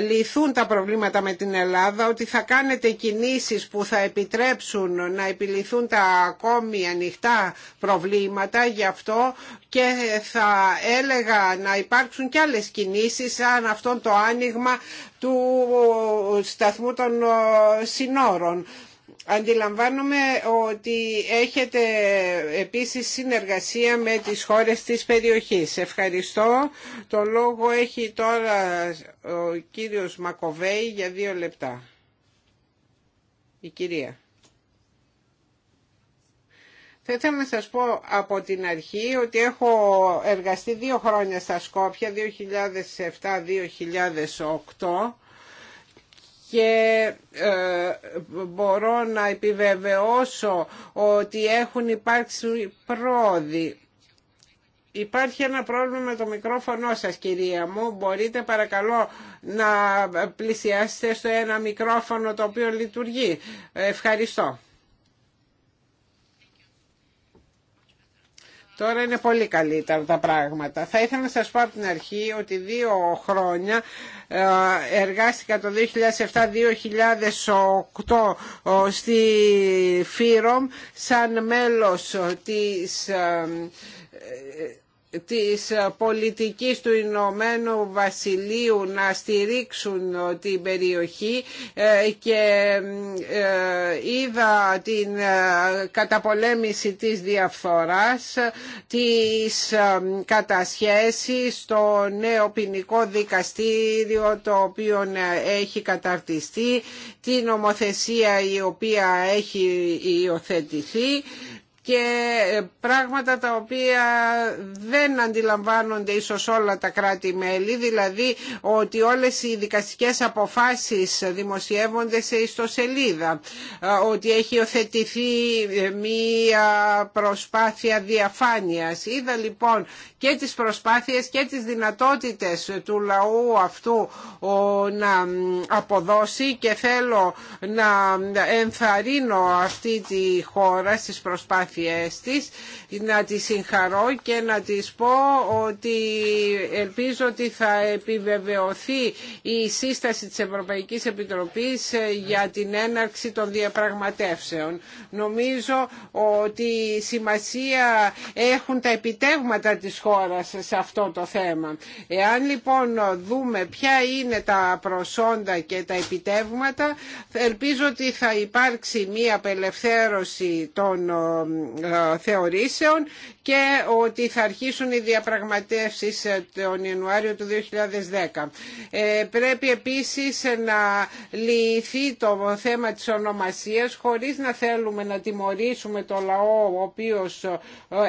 λυθούν τα προβλήματα με την Ελλάδα, ότι θα κάνετε κινήσεις που θα επιτρέψουν να επιληθούν τα ακόμη ανοιχτά προβλήματα. Γι' αυτό και θα έλεγα να υπάρξουν και άλλες κινήσεις σαν αυτό το άνοιγμα του σταθμού των ε, συνόρων. Αντιλαμβάνομαι ότι έχετε επίσης συνεργασία με τις χώρες της περιοχής. Ευχαριστώ. Το λόγο έχει τώρα ο κύριος Μακοβέη για δύο λεπτά. Η κυρία. Θα ήθελα να σας πω από την αρχή ότι έχω εργαστεί δύο χρόνια στα Σκόπια, 2007-2008 και ε, μπορώ να επιβεβαιώσω ότι έχουν υπάρξει πρόοδοι. Υπάρχει ένα πρόβλημα με το μικρόφωνο σας κυρία μου. Μπορείτε παρακαλώ να πλησιάσετε στο ένα μικρόφωνο το οποίο λειτουργεί. Ευχαριστώ. Τώρα είναι πολύ καλύτερα τα πράγματα. Θα ήθελα να σας πω από την αρχή ότι δύο χρόνια ε, εργάστηκα το 2007-2008 ε, στη ΦΥΡΟΜ σαν μέλος της ε, της ε, πολιτικής του Ηνωμένου Βασιλείου να στηρίξουν ε, την περιοχή ε, και είδα την καταπολέμηση της διαφθοράς, της κατασχέσεις στο νέο ποινικό δικαστήριο το οποίο έχει καταρτιστεί, την νομοθεσία η οποία έχει υιοθετηθεί και ε, πράγματα τα οποία δεν αντιλαμβάνονται ίσως όλα τα κράτη-μέλη, δηλαδή ότι όλες οι δικαστικές αποφάσεις δημοσιεύονται σε ιστοσελίδα, ε, ότι έχει οθετηθεί ε, μία προσπάθεια διαφάνειας. Είδα λοιπόν και τις προσπάθειες και τις δυνατότητες του λαού αυτού να αποδώσει και θέλω να ενθαρρύνω αυτή τη χώρα στις προσπάθειες να τη συγχαρώ και να της πω ότι ελπίζω ότι θα επιβεβαιωθεί η σύσταση της Ευρωπαϊκής Επιτροπής ε, για την έναρξη των διαπραγματεύσεων. Νομίζω ότι σημασία έχουν τα επιτεύγματα της χώρας σε αυτό το θέμα. Εάν λοιπόν δούμε ποια είναι τα προσόντα και τα επιτεύγματα, ελπίζω ότι θα υπάρξει μία απελευθέρωση των ε, ε, θεωρήσεων και ότι θα αρχίσουν οι διαπραγματεύσεις ε, τον Ιανουάριο του 2010. Ε, πρέπει επίσης να λυθεί το θέμα της ονομασίας χωρίς να θέλουμε να τιμωρήσουμε το λαό ο οποίος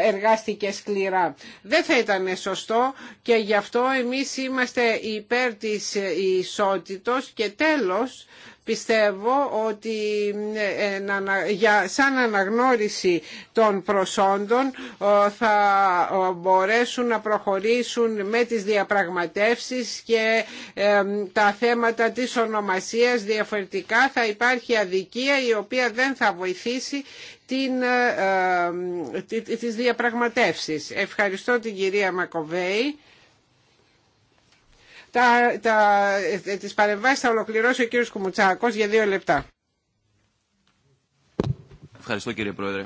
εργάστηκε σκληρά. Δεν θα ήταν σωστό και γι' αυτό εμείς είμαστε υπέρ της ισότητος και τέλος Πιστεύω ότι ε, ε, για, σαν αναγνώριση των προσόντων ε, θα μπορέσουν να προχωρήσουν με τις διαπραγματεύσεις και τα θέματα της ονομασίας διαφορετικά θα υπάρχει αδικία η οποία δεν θα βοηθήσει την, τις διαπραγματεύσεις. Ευχαριστώ την κυρία Μακοβέη. Τα, τα, ε, τις παρεμβάσεις θα ολοκληρώσει ο κύριος Κουμουτσάκος για δύο λεπτά. Ευχαριστώ κύριε Πρόεδρε.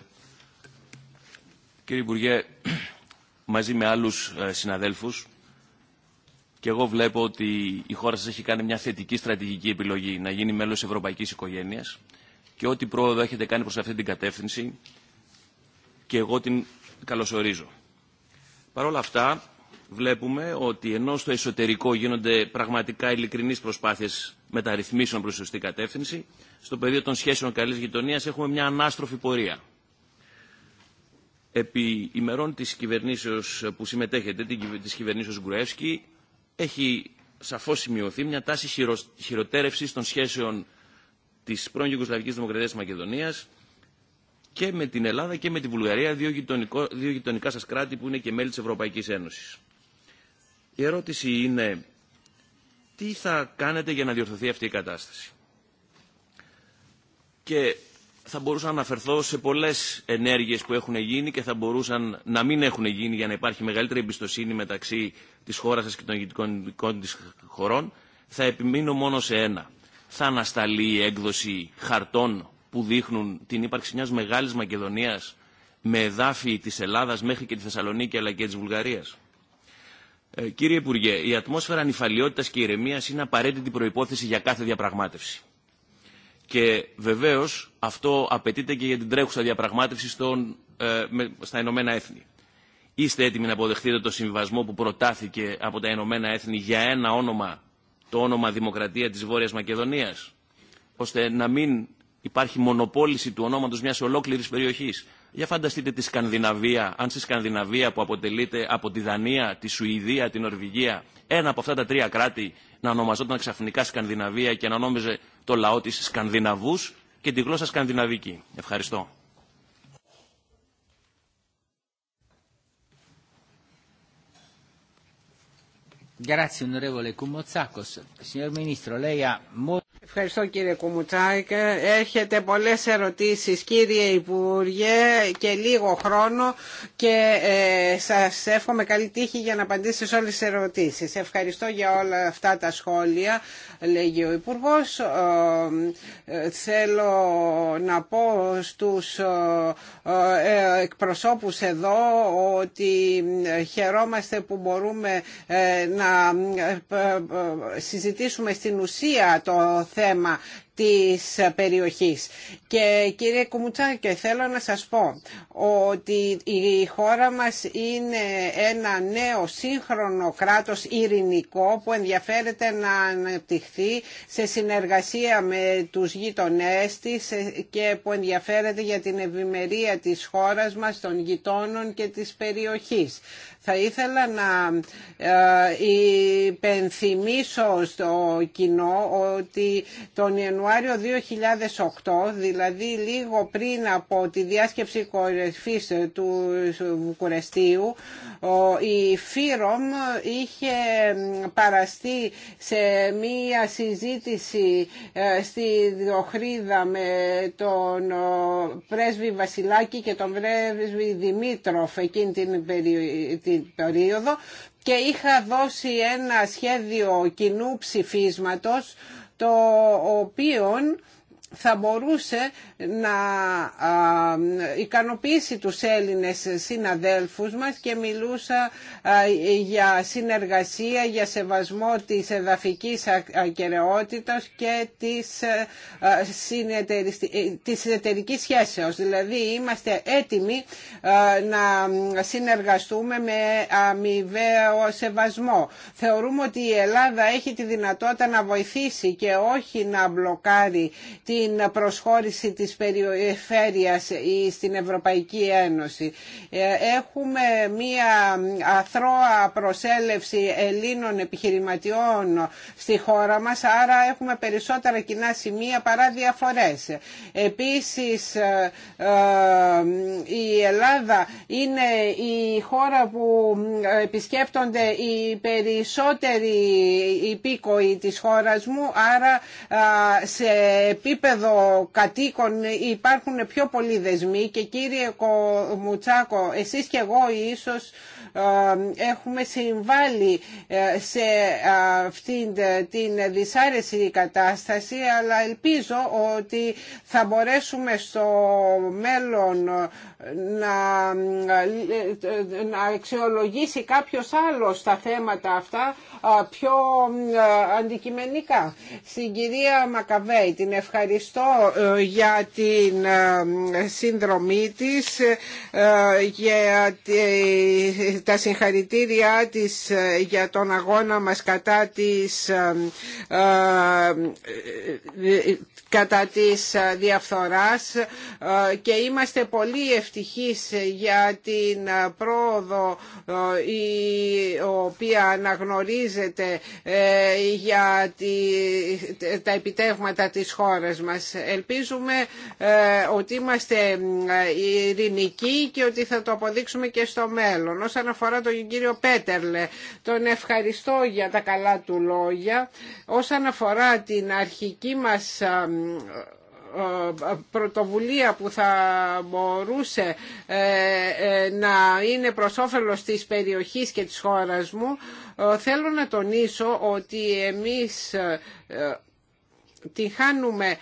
Κύριε Υπουργέ, μαζί με άλλους ε, συναδέλφους και εγώ βλέπω ότι η χώρα σας έχει κάνει μια θετική στρατηγική επιλογή να γίνει μέλος ευρωπαϊκής οικογένειας και ό,τι πρόοδο έχετε κάνει προς αυτή την κατεύθυνση και εγώ την καλωσορίζω. Παρ' όλα αυτά, βλέπουμε ότι ενώ στο εσωτερικό γίνονται πραγματικά ειλικρινείς προσπάθειες μεταρρυθμίσεων προς σωστή κατεύθυνση, στο πεδίο των σχέσεων καλής γειτονίας έχουμε μια ανάστροφη πορεία. Επί ημερών της κυβερνήσεως που συμμετέχετε, της κυβερνήσεως Γκουρεύσκη, έχει σαφώς σημειωθεί μια τάση χειροτέρευσης των σχέσεων της πρώην Ιουγκοσλαβική Δημοκρατίας της Μακεδονίας και με την Ελλάδα και με τη Βουλγαρία, δύο, γειτονικά σας κράτη που είναι και μέλη της Ευρωπαϊκής Ένωσης. Η ερώτηση είναι τι θα κάνετε για να διορθωθεί αυτή η κατάσταση. Και θα μπορούσα να αναφερθώ σε πολλές ενέργειες που έχουν γίνει και θα μπορούσαν να μην έχουν γίνει για να υπάρχει μεγαλύτερη εμπιστοσύνη μεταξύ της χώρας σας και των γειτονικών της χωρών. Θα επιμείνω μόνο σε ένα. Θα ανασταλεί η έκδοση χαρτών που δείχνουν την ύπαρξη μιας μεγάλης Μακεδονίας με εδάφη της Ελλάδας μέχρι και τη Θεσσαλονίκη αλλά και της Βουλγαρίας. Ε, κύριε Υπουργέ, η ατμόσφαιρα ανυφαλιότητας και ηρεμίας είναι απαραίτητη προϋπόθεση για κάθε διαπραγμάτευση. Και βεβαίως αυτό απαιτείται και για την τρέχουσα διαπραγμάτευση στον, ε, στα Ηνωμένα Έθνη. Είστε έτοιμοι να αποδεχτείτε το συμβασμό που προτάθηκε από τα Ηνωμένα Έθνη για ένα όνομα, το όνομα Δημοκρατία της Βόρειας Μακεδονίας, ώστε να μην υπάρχει μονοπόληση του ονόματος μιας ολόκληρης περιοχής. Για φανταστείτε τη Σκανδιναβία, αν στη Σκανδιναβία που αποτελείται από τη Δανία, τη Σουηδία, την Νορβηγία, ένα από αυτά τα τρία κράτη να ονομαζόταν ξαφνικά Σκανδιναβία και να νόμιζε το λαό της Σκανδιναβούς και τη γλώσσα Σκανδιναβική. Ευχαριστώ. Ευχαριστώ κύριε Κουμουτσάκη. Έχετε πολλές ερωτήσεις κύριε Υπουργέ και λίγο χρόνο και ε, σας εύχομαι καλή τύχη για να απαντήσετε σε όλες τις ερωτήσεις. Ευχαριστώ για όλα αυτά τα σχόλια, λέγει ο Υπουργός. Ε, ε θέλω να πω στους ε, ε εκπροσώπους εδώ ότι ε, χαιρόμαστε που μπορούμε να ε, ε, ε, συζητήσουμε στην ουσία το θέμα της περιοχής. Και κύριε Κουμουτσάκη, θέλω να σας πω ότι η χώρα μας είναι ένα νέο σύγχρονο κράτος ειρηνικό που ενδιαφέρεται να αναπτυχθεί σε συνεργασία με τους γειτονές της και που ενδιαφέρεται για την ευημερία της χώρας μας, των γειτόνων και της περιοχής. Θα ήθελα να ε, υπενθυμίσω στο κοινό ότι τον Ιανουάριο Ιανουάριο 2008, δηλαδή λίγο πριν από τη διάσκεψη κορυφής του Βουκουρεστίου, η ΦΥΡΟΜ είχε παραστεί σε μία συζήτηση ε, στη Διοχρίδα με τον πρέσβη Βασιλάκη και τον πρέσβη Δημήτροφ εκείνη την περίοδο και είχα δώσει ένα σχέδιο κοινού ψηφίσματος το οποίο θα μπορούσε να ικανοποιήσει τους Έλληνες συναδέλφους μας και μιλούσα για συνεργασία, για σεβασμό της εδαφικής ακεραιότητας και της, ε, της εταιρικής σχέσεως. Δηλαδή είμαστε έτοιμοι να συνεργαστούμε με αμοιβαίο σεβασμό. Θεωρούμε ότι η Ελλάδα έχει τη δυνατότητα να βοηθήσει και όχι να μπλοκάρει τη την προσχώρηση της περιφέρειας στην Ευρωπαϊκή Ένωση. Ε, έχουμε μία αθρώα προσέλευση Ελλήνων επιχειρηματιών στη χώρα μας, άρα έχουμε περισσότερα κοινά σημεία παρά διαφορές. Επίσης, ε, ε, η Ελλάδα είναι η χώρα που επισκέπτονται οι περισσότεροι υπήκοοι της χώρας μου, άρα σε επίπεδο επίπεδο κατοίκων υπάρχουν πιο πολλοί δεσμοί και κύριε Μουτσάκο, εσείς και εγώ ίσως ε, έχουμε συμβάλει ε, σε αυτήν την δυσάρεση κατάσταση αλλά ελπίζω ότι θα μπορέσουμε στο μέλλον να, να αξιολογήσει κάποιος άλλος τα θέματα αυτά πιο αντικειμενικά. Στην κυρία Μακαβέη την ευχαριστώ ε, για την ε, συνδρομή της ε, για τα συγχαρητήριά της για τον αγώνα μας κατά της κατά της διαφθοράς και είμαστε πολύ ευτυχής για την πρόοδο ε, η οποία αναγνωρίζεται ε, για τα επιτεύγματα της χώρας μας. Ελπίζουμε ε, ότι είμαστε ειρηνικοί και ότι θα το αποδείξουμε και στο μέλλον. Όσον αφορά τον κύριο Πέτερλε, τον ευχαριστώ για τα καλά του λόγια. Όσον αφορά την αρχική μας ε, πρωτοβουλία που θα μπορούσε ε, ε, να είναι προς όφελος της περιοχής και της χώρας μου, θέλω να τονίσω ότι εμείς την χάνουμε